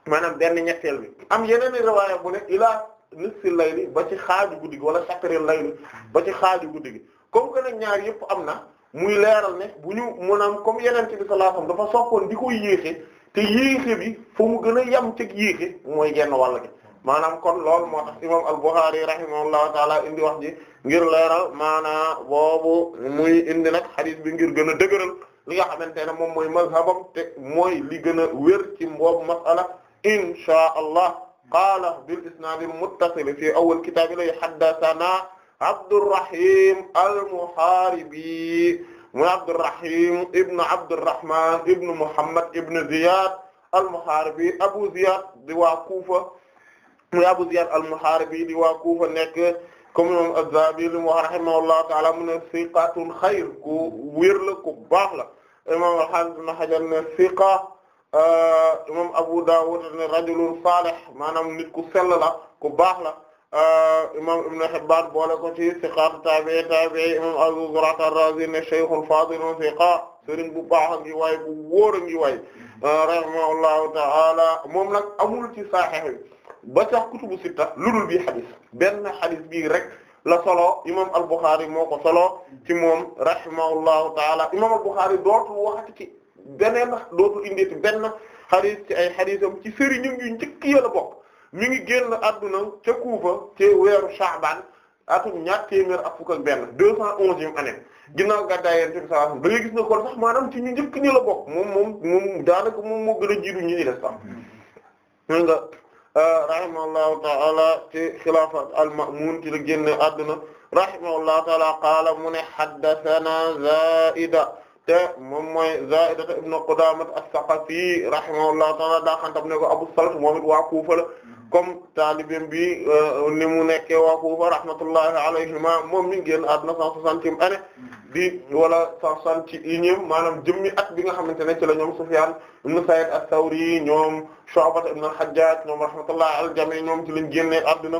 maanaam benn ñetteel bi am yeneen i riwaaya bu ne ila nisfil layli ba ci xaaju guddi gi wala shakril layli ba ci xaaju guddi gi comme que nag ñaar yëpp am na muy leeral ne bu ñu maanaam comme yeneen ci bi sallallahu alayhi wasallam dafa soppoon di ko yéexe te yéexe bi fu mu gën a yem ci yéexe mooy genn wàll gi maanaam kon loolu moo tax imam al-Bukhari rahimahullahu taala indi wax ji ngir leeral maanaam boobu muy indi nag hadith bi ngir gën a dëgëral li nga xamante ne moom mooy mazhabam te mooy li gën a wér ci boobu masala inchaa allah qaala bil isnaad al muttasil fi awwal kitaab la haddathana Abdurrahim al-Muharibi mu Abdurrahim ibn Abdurrahman ibn Muhammad ibn Ziyad al-Muharibi Abu Ziyad di waa Kufa muy Abu Ziyad al-Muharibi di waa Kufa nekk comme moom az-Zabil mu rahimahullahu ta'ala mu ne siqatun xayr ku wér la ku baax la imam al-Hafiz Ibn Hajar ne siqa euh, imam Abu Dawud ne rajulun salih maanaam nit ku sell la ku baax la euh, imam Ibn Hibban boole ko ci siqatu tabi'i tabi'i imam Abu Zur'a ar-Razi ne shaykhun fadilun siqa sëriñ bu baax a ngi waay bu wóor a ngi waay euh, rahimahullahu ta'ala moom nag amul ci Sahih ba tax kutubu sitta ludul bii xadis benn xadis bi rek la solo imam al-Bukhari moo ko solo ci moom rahimahullahu taala imam al-Bukhari dootul waxati ci beneen dootul indi ci benn xadis ci ay xadisam ci sëriñu yu njëkk ya a bokk mu ngi génn adduna ca Kuufa ci weeru Sha'ban atum ñaar téeméer a fukk ak benn deux cent onzième année ginnaaw gàddaay Yonent bi sallallahu alayhi wasallam da ngay gis ne kon sax maanaam ci ñu njëkk ñi la bokk moom moom moom daanaka moom moo a Euh, rahimahullahu ta'ala ci xilaafa al-Ma'mun ci la génn adduna rahimahullahu ta'ala qaala mu ne haddathana Zaida te moom mooy Zaidata ibn Qudaamah as-Saqafi rahimahullahu ta'ala daa xantam ne ko Abu Salat moom it waa Kuufa la comme taalibem bi euh, ni mu nekkee waa Kuufa rahmatullahi alayhima moom mi ngi génn àdduna cent soixantième année bi wala cent soixante ci ñoom maanaam jëmmi at bi nga xamante ne ci la ñoom Sufyaan ibn Sa'iid as-Sawri ñoom Shu'ba ibn al-Hajjaaj ñoom rahmatullahi al jami ñoom ci lañ génnee àdduna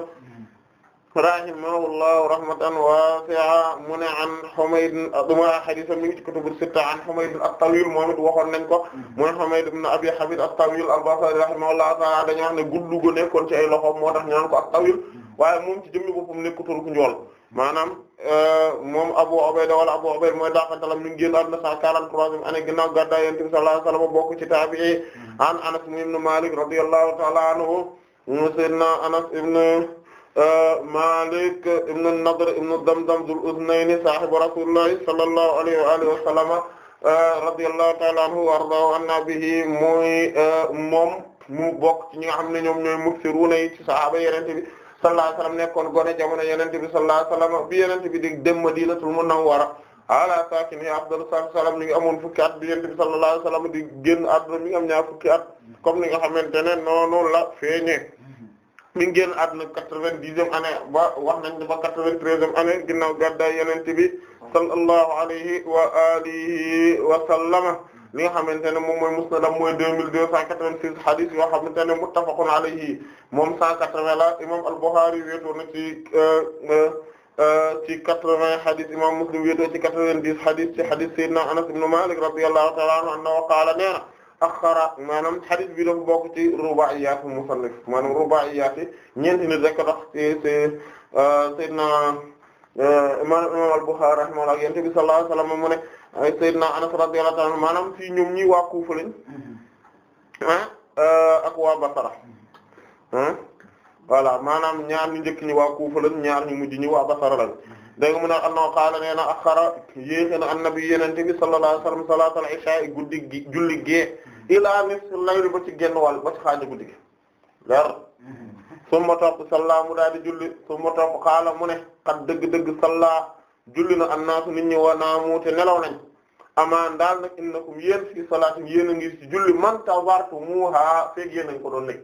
rahimahullahu rahmatan wasi'a mu ne an Humayd duma hadith mi ngi ci kutubu sitta an Humayd at-Tawil moom it waxoon nañ ko mooy Humayd ibn Abi Habib at-Tawil al-Basri rahimahullahu ta'ala dañu wax ne guddu gu nekkoon ci ay loxoom moo tax ñu naan ko at-Tawil waaye moom ci jëmmi boppam nekkutul ku njool maanaam euh, moom Abu Ubayda wala Abu Ubayda mooy daaxantalam mi ngi génn àdduna 143e année ginnaaw gàddaay Yonent bi sallallahu bokk ci taabi'i an Anas ibn Malik radiyallahu ta'ala anhu Sayyidina Anas ibn Malik ibn an-Nadr ibn Damdam dhul udhnayni sahibu rasulillahi sallallahu alayhi wa alihi wa sallam radiyallahu ta'ala anhu wa ardaahu anna bihi muy moom mu bokk ci ñi nga xam ne ñoom ñooy muksiruna yi ci sahaaba yenente bi sallallahu alayhi wa sallam nekkoon gone jamono yenen bi sallallahu alayhi wa sallam bi yenente bi di dem Madinatul Munawwara ala saakini afdalu salaam mi ngi amoon fukki at bi yonent bi sallallahu alayhi wa sallam di génn àdduna mi am ñaar fukki at comme ni nga xamante ne noonu la feeñee mi ngi génn àdduna quatre-vingt-dixième année ba wax nañ ba quatre-vingt-treizième année ginnaaw gàddaay yonent bi sallallahu alayhi wa alihi wa sallama li nga xamante ne moom mooy musnadam mooy deux mille deux cent quatre-vingt-six hadith yoo xamante ne moom cent quatre-vingts la imam al-Bukhari wéetoo na ci euh, euh, ci quatre-vingts hadith imam Muslim wéetoo ci quatre-vingt-dix hadith ci hadith sayyidina Anas ibn Malik radiyallahu ta'ala anhu annahu qaala nee axara maanaam hadith bi dafa bokk ci ruba'iyaat musannif maanaam ruba'iyaat ñeenti nit rek tax euh, sayyidina euh, imaam al la rahimahullah ak Yonent bi sallallahu alayhi wa sallam mu ne sayyidina Anas radiyallahu ta'ala maanaam fii ñoom ñii waa Kufa lañ ah euh, ak waa Basra ah maanaam ñaar ñu njëkk ñi waa Kufa lañ ñaar ñu mujj ñi waa Basra lañ dégg mu ne annahu qaala nee na axara yéexe na annabi yenente bi sallallahu alayhi wasallam salaatal isha guddi gi julli gee ilaa nisfil layl ba ci genn wal ba ci guddi gi leer summa topp salla mu daal di julli summa topp qaala mu ne xat dëgg-dëgg salla julli na annaasu nit ñi wa naamu te nelaw nañ amaan daal nag innakum yéen fii salaatin yéen a ngi ci julli man tawartumuha feeg yéen a ngi ko doon nekk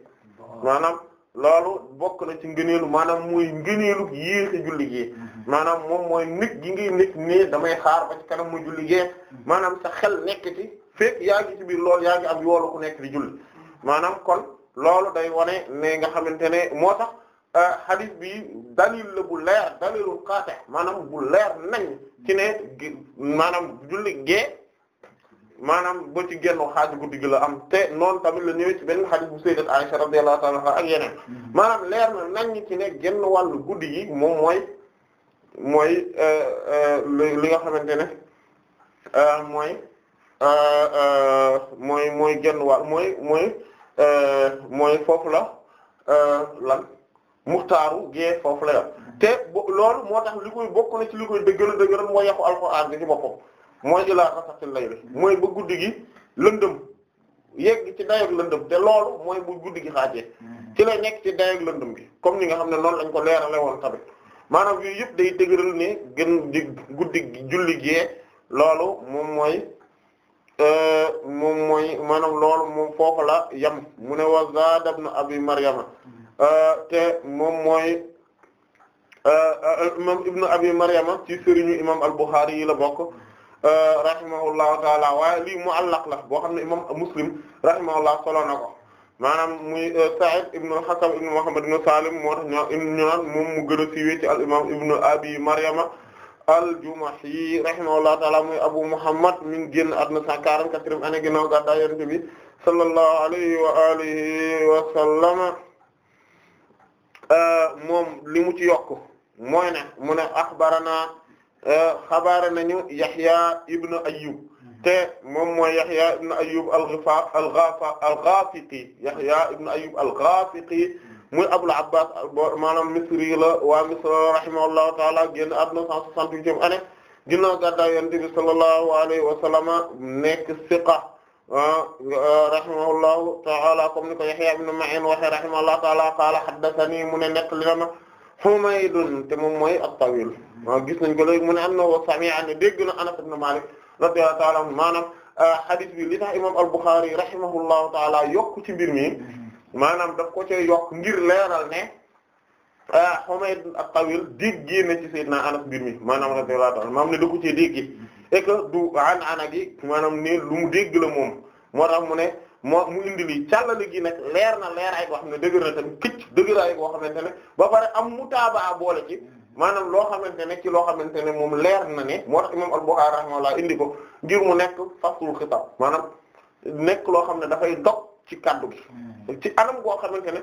maanaam loolu bokk na ci ngëneelu maanaam muy ngëneelu yéexe julli gi mhm. maanaam moom mooy nit gi ngi nit nii damay xaar ba ci kanam mu julli gi mhm. maanaam sa xel nekk ci fekk yaa ngi ci biir loolu yaa ngi am yoolu ku nekk di julli mhm. maanaam kon loolu day wane ne nga xamante ne moo tax euh, hadith bi dalil la bu leer dalilul qaati maanaam bu leer nañ ci ne maanaam julli gee maanaam ba ci genn xaaj guddi gi la am te noonu tamit la ñëwee ci benn xadis bu sayyidat Aisha radiyallahu ta'ala anha ak yeneen mhm. maanaam leer na nañ ci ne genn wàllu guddi gi moom mooy mooy euh, euh, li nga xamante ne euh, mooy mooy mooy genn wàll mooy mooy mooy foofu la lan muxtaaru gee foofu la yor mhm. te loolu moo tax li koy bokk na ci li koy dëggal dëggal mooy yàqu alxuraan bi ci boppam mooy ilaa rakatil layl mooy ba guddi gi lëndëm yegg ci dayoog lëndëm te loolu mooy bu guddi gi xaajee mm-hmm. ci la nekk ci dayoog lëndëm gi comme ni nga xam ne noonu lañ ko leerale woon tamit maanaam yooyu yëpp day dëgëral ne gën di guddi julli gee loolu moom mooy euh, moom mooy maanaam loolu moom foofu la yam mu ne wa zaada ibn abi maryama mm-hmm. euh, te moom mooy imam euh, ibnu abi maryama ci sëriñu imam al yi la bokk Euh, rahimahullahu taala waaye lii muallaq la boo xam ne imam muslim rahimahullah solo na ko maanaam muy euh, Sa'id ibn al-Hakam ibn Muhammad ibn Salim mu gën a siiwee ci al imam ibn Abi Maryama al-Jumahi rahimahullahu taala muy Abu Muhammad mi ngi génn àdduna 144 année ginnaaw gàddaay Yonent bi sallallahu alayhi wa alihi wa sallam euh, moom li ci yokk mooy ne mu xabaare nañu Yahya ibn Ayyub te moom mooy Yahya ibn Ayyub al-Ghifa al-Ghafa al-Ghafiqi Yahya ibn Ayyub al-Ghafiqi muy Abul Abbas maanaam Misri la waa Misr rahimahullahu ta'ala génn àdduna 168 année ginnaaw gàddaay Yonent bi sallallahu alayhi wa sallam nekk siqa ah, rahimahullahu ta'ala comme ni ko Yahya ibn Ma'in waxe rahimahullahu ta'ala qaala haddathani mu ne nekk li na ma Humaydun te moom mooy at-Tawil gis nañ ko léegi mu ne am na wa sami'a ne dégg na Anas ibn Malik radiyallahu ta'ala anhu maanaam euh, hadith bi li tax imam al-Bukhari rahimahullahu ta'ala yokk ci mbir mi maanaam daf ko cee yokk ngir leeral ne euh, Humayd at-Tawil déggee na ci na Anas mbir mi maanaam radiyallahu ta'ala maanaam ne ko cee déggee et que gi maanaam ne lu mu dégg la moom moo tax mu ne moo mu indi lii càllale gi nag leer na leeraay boo xam ne dëgër na tamit këcc dëgëraay boo xamante ne ba pare am mutaabaa boole ci maanaam loo xamante ne ci loo xamante ne moom leer na ne moo tax imam Al-Bukhârî indi ko ngir mu nekk faslul xitaab maanaam nekk loo xam ne dafay dog ci kaddu gi hmm. anam goo xamante ne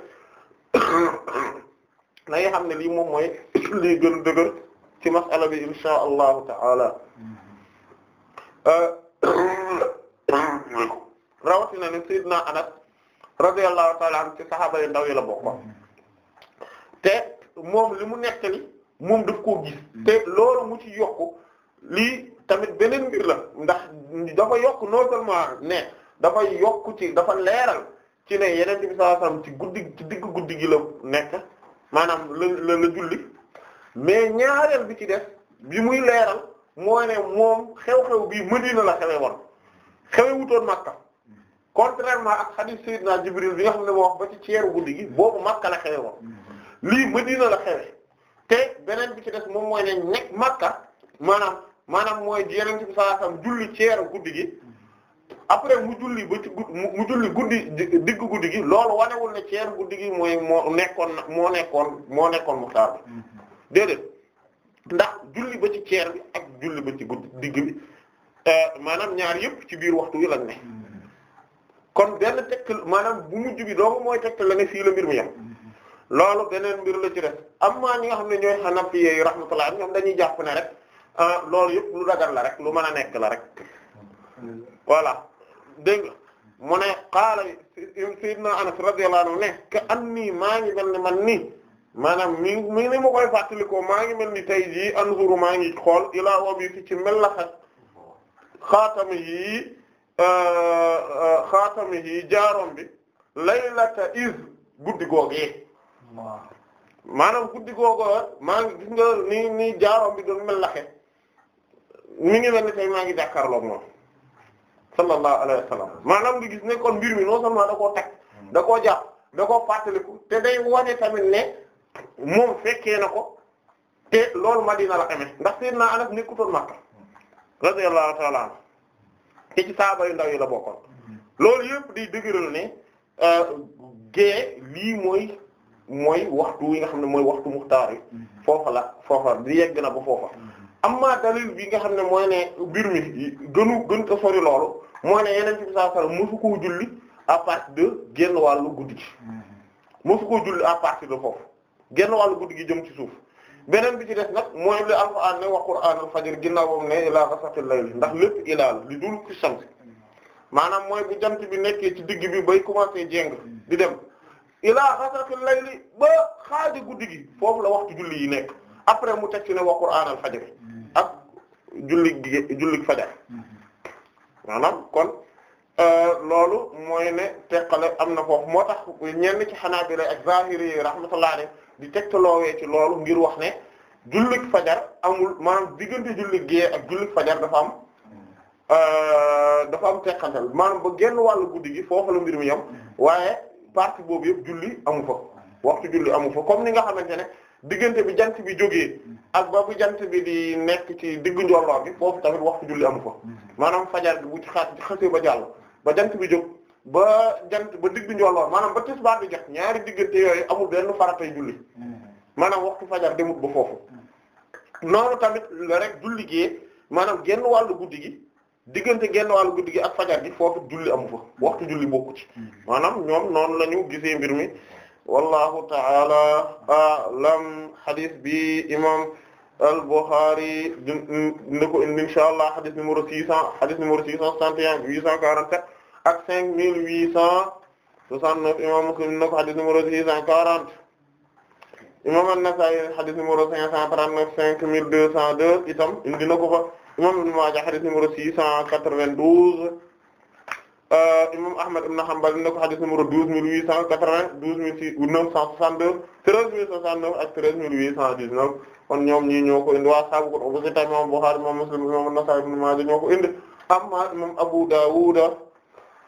[coughs] na nga xam ne lii moom mooy [coughs] lii gën dëgër ci masala bi insha allahu taala hmm. euh, [coughs] rawatina ne Seydina Anas radiyallahu ta'ala anhu ci saxaaba yi ndaw yi la bokkoon te moom li mu nettali moom daf koo gis mm. te loolu mu ci yokku lii tamit beneen mbir la ndax dafa yokk non seulement ne dafa yokk ci dafa leeral ci ne yeneen bi sallallahu alayhi wasallam ci guddi ci guddi gi la nekk maanaam la la julli mais ñaareel bi ci def bi muy leeral moo ne moom xew-xew bi Madina la xewe woon xewe wutoon Makka contrairement ak hadith Seydina Jibril bi nga xam ne moo wax ba ci ceeru guddi gi boobu Makka la xewe woon lii Madina la xewe te beneen bi ci des moom mooy ne nekk Makka maanaam maanaam mooy Yonent bi sallallahu alayhi wasallam julli ceeru guddi gi après mu julli ba ci mu julli guddi digg guddi gi loolu wanewul ne ceeru guddi gi mooy moo nekkoon moo nekkoon moo nekkoon muxtaar bi déedéet ndax julli ba ci ceer bi ak julli ba ci guddi digg bi euh, maanaam ñaar yëpp ci biir waxtu wi lañ ne kon benn tegtal maanaam bu mujj bi doomu mooy tegtal la ne fii la mbir mi yem loolu beneen mbir la ci def amma ñi nga xam ne ñooy Hanafi yi rahmatullah ñoom dañuy jàpp ne rek ah, loolu yëpp lu dagar la rek lu mën a nekk la rek voilà dégg nga mu ne qaala sayyidina Anas radiyallahu anhu ne ka nii maa ngi mel ni man nii maanaam mi mi ni ma koy fàttalikoo maa ngi mel ni tey jii anzuru maa ngi xool ilaa wab yi ci ci mel la xatami Euh, euh, xaatamihi jaarom bi laylata iz guddi googee maanaam guddi googoo maa ngi gis nga ni ni jaarom bi doon mel laxe mi ngi mel ni tey maa ngi jàkkaarloog moom sallallahu alayhi wa maanaam nga gis ne kon mbir mi non seulement da koo teg da koo jàpp da koo fàttaliku te day wane tamit ne moom fekkee na ko te ma Madina la amee ndax Seydina Anas nekkutoon Makka radiyallahu ta'ala anhu te ci saaba yu ndaw yi la bokkoon loolu yëpp di dëgëral ne euh, gée lii mooy mooy waxtu wi nga xam ne mooy waxtu muxtaar yi mm-hmm. foofa la foofa di yegg na ba foofa mm-hmm. amma dalil bi nga xam ne mooy ne mbir mi gënu gën ko sori loolu mooy ne yeneen ci saa sara mosu koo julli à partir de génn wàllu guddi gi mm-hmm. mosu koo julli à partir de foofu génn wàllu guddi gi jëm ci suuf beneen bi ci def nag mooy li an ne wa qur'anul fajr ginnaaw boobu ne ilaa ghasaqil layl ndax lépp ilaa li dul ci shams maanaam mooy bu jant bi nekk ci digg bi bay commencé jéng di dem ilaa ghasaqil layl ba xaaja guddi gi foofu la waxtu julli yi nekk après mu teg ci ne wa al fajr ak julli julli fajar maanaam kon euh, loolu mooy ne teqale am na foofu moo tax ñenn ci bi ak Zaahiri rahmatullahi alayhi di tegtaloowee ci loolu ngir wax ne jullit fajar amul maanaam diggante jullit gee ak jullit fajar dafa am euh, dafa am teqantal maanaam ba genn wàllu guddi gi foofu la mbir mi yam waaye partie boobu yëpp julli amu fa waxtu julli amu fa comme ni nga xamante ne diggante bi jant bi jóge ak ba bu jant bi di nekk ci diggu njolloor bi foofu tamit waxtu julli amu fa mm-hmm. maanaam fajar bi bu ci xaat xasee ba jàll ba jant bi jóg ba jant ba digg njolloor maanaam ba tisbaar bi jot ñaari diggante yooyu amul benn faratay julli mm-hmm. maanaam waxtu fajar demut ba foofu mm-hmm. noonu tamit la rek julli gee maanaam genn wàllu guddi gi diggante genn wàllu guddi gi ak fajar gi foofu julli amu fa waxtu julli bokku ci mm-hmm. maanaam ñoom noonu lañu ñu gisee mbir mi wallahu ta'ala a'lam hadith bi imam al-Bukhari dina ko indi inshallah hadith numéro 600 hadith numéro 661 ak cinq mille huit cent soixante-neuf imam Muslim na ko xadis numéro six cent quarante imam neuf cinq mille deux cent deux itam indi na ko fa imam Ibn Maaja xadis numéro six cent quatre euh, Muslim imam Abu Dawud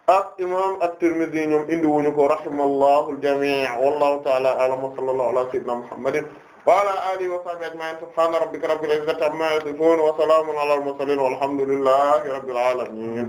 ak imam at-Tirmidhi ñoom indi wuñu ko rahimallahu al-jami' wallahu ta'ala a'lam wa sallallahu ala sayyidina Muhammadin wa ala alihi wa sahbihi ajma'in subhana rabbika rabbil izzati amma yasifun wa salamun ala al-mursalin walhamdulillahi rabbil alamin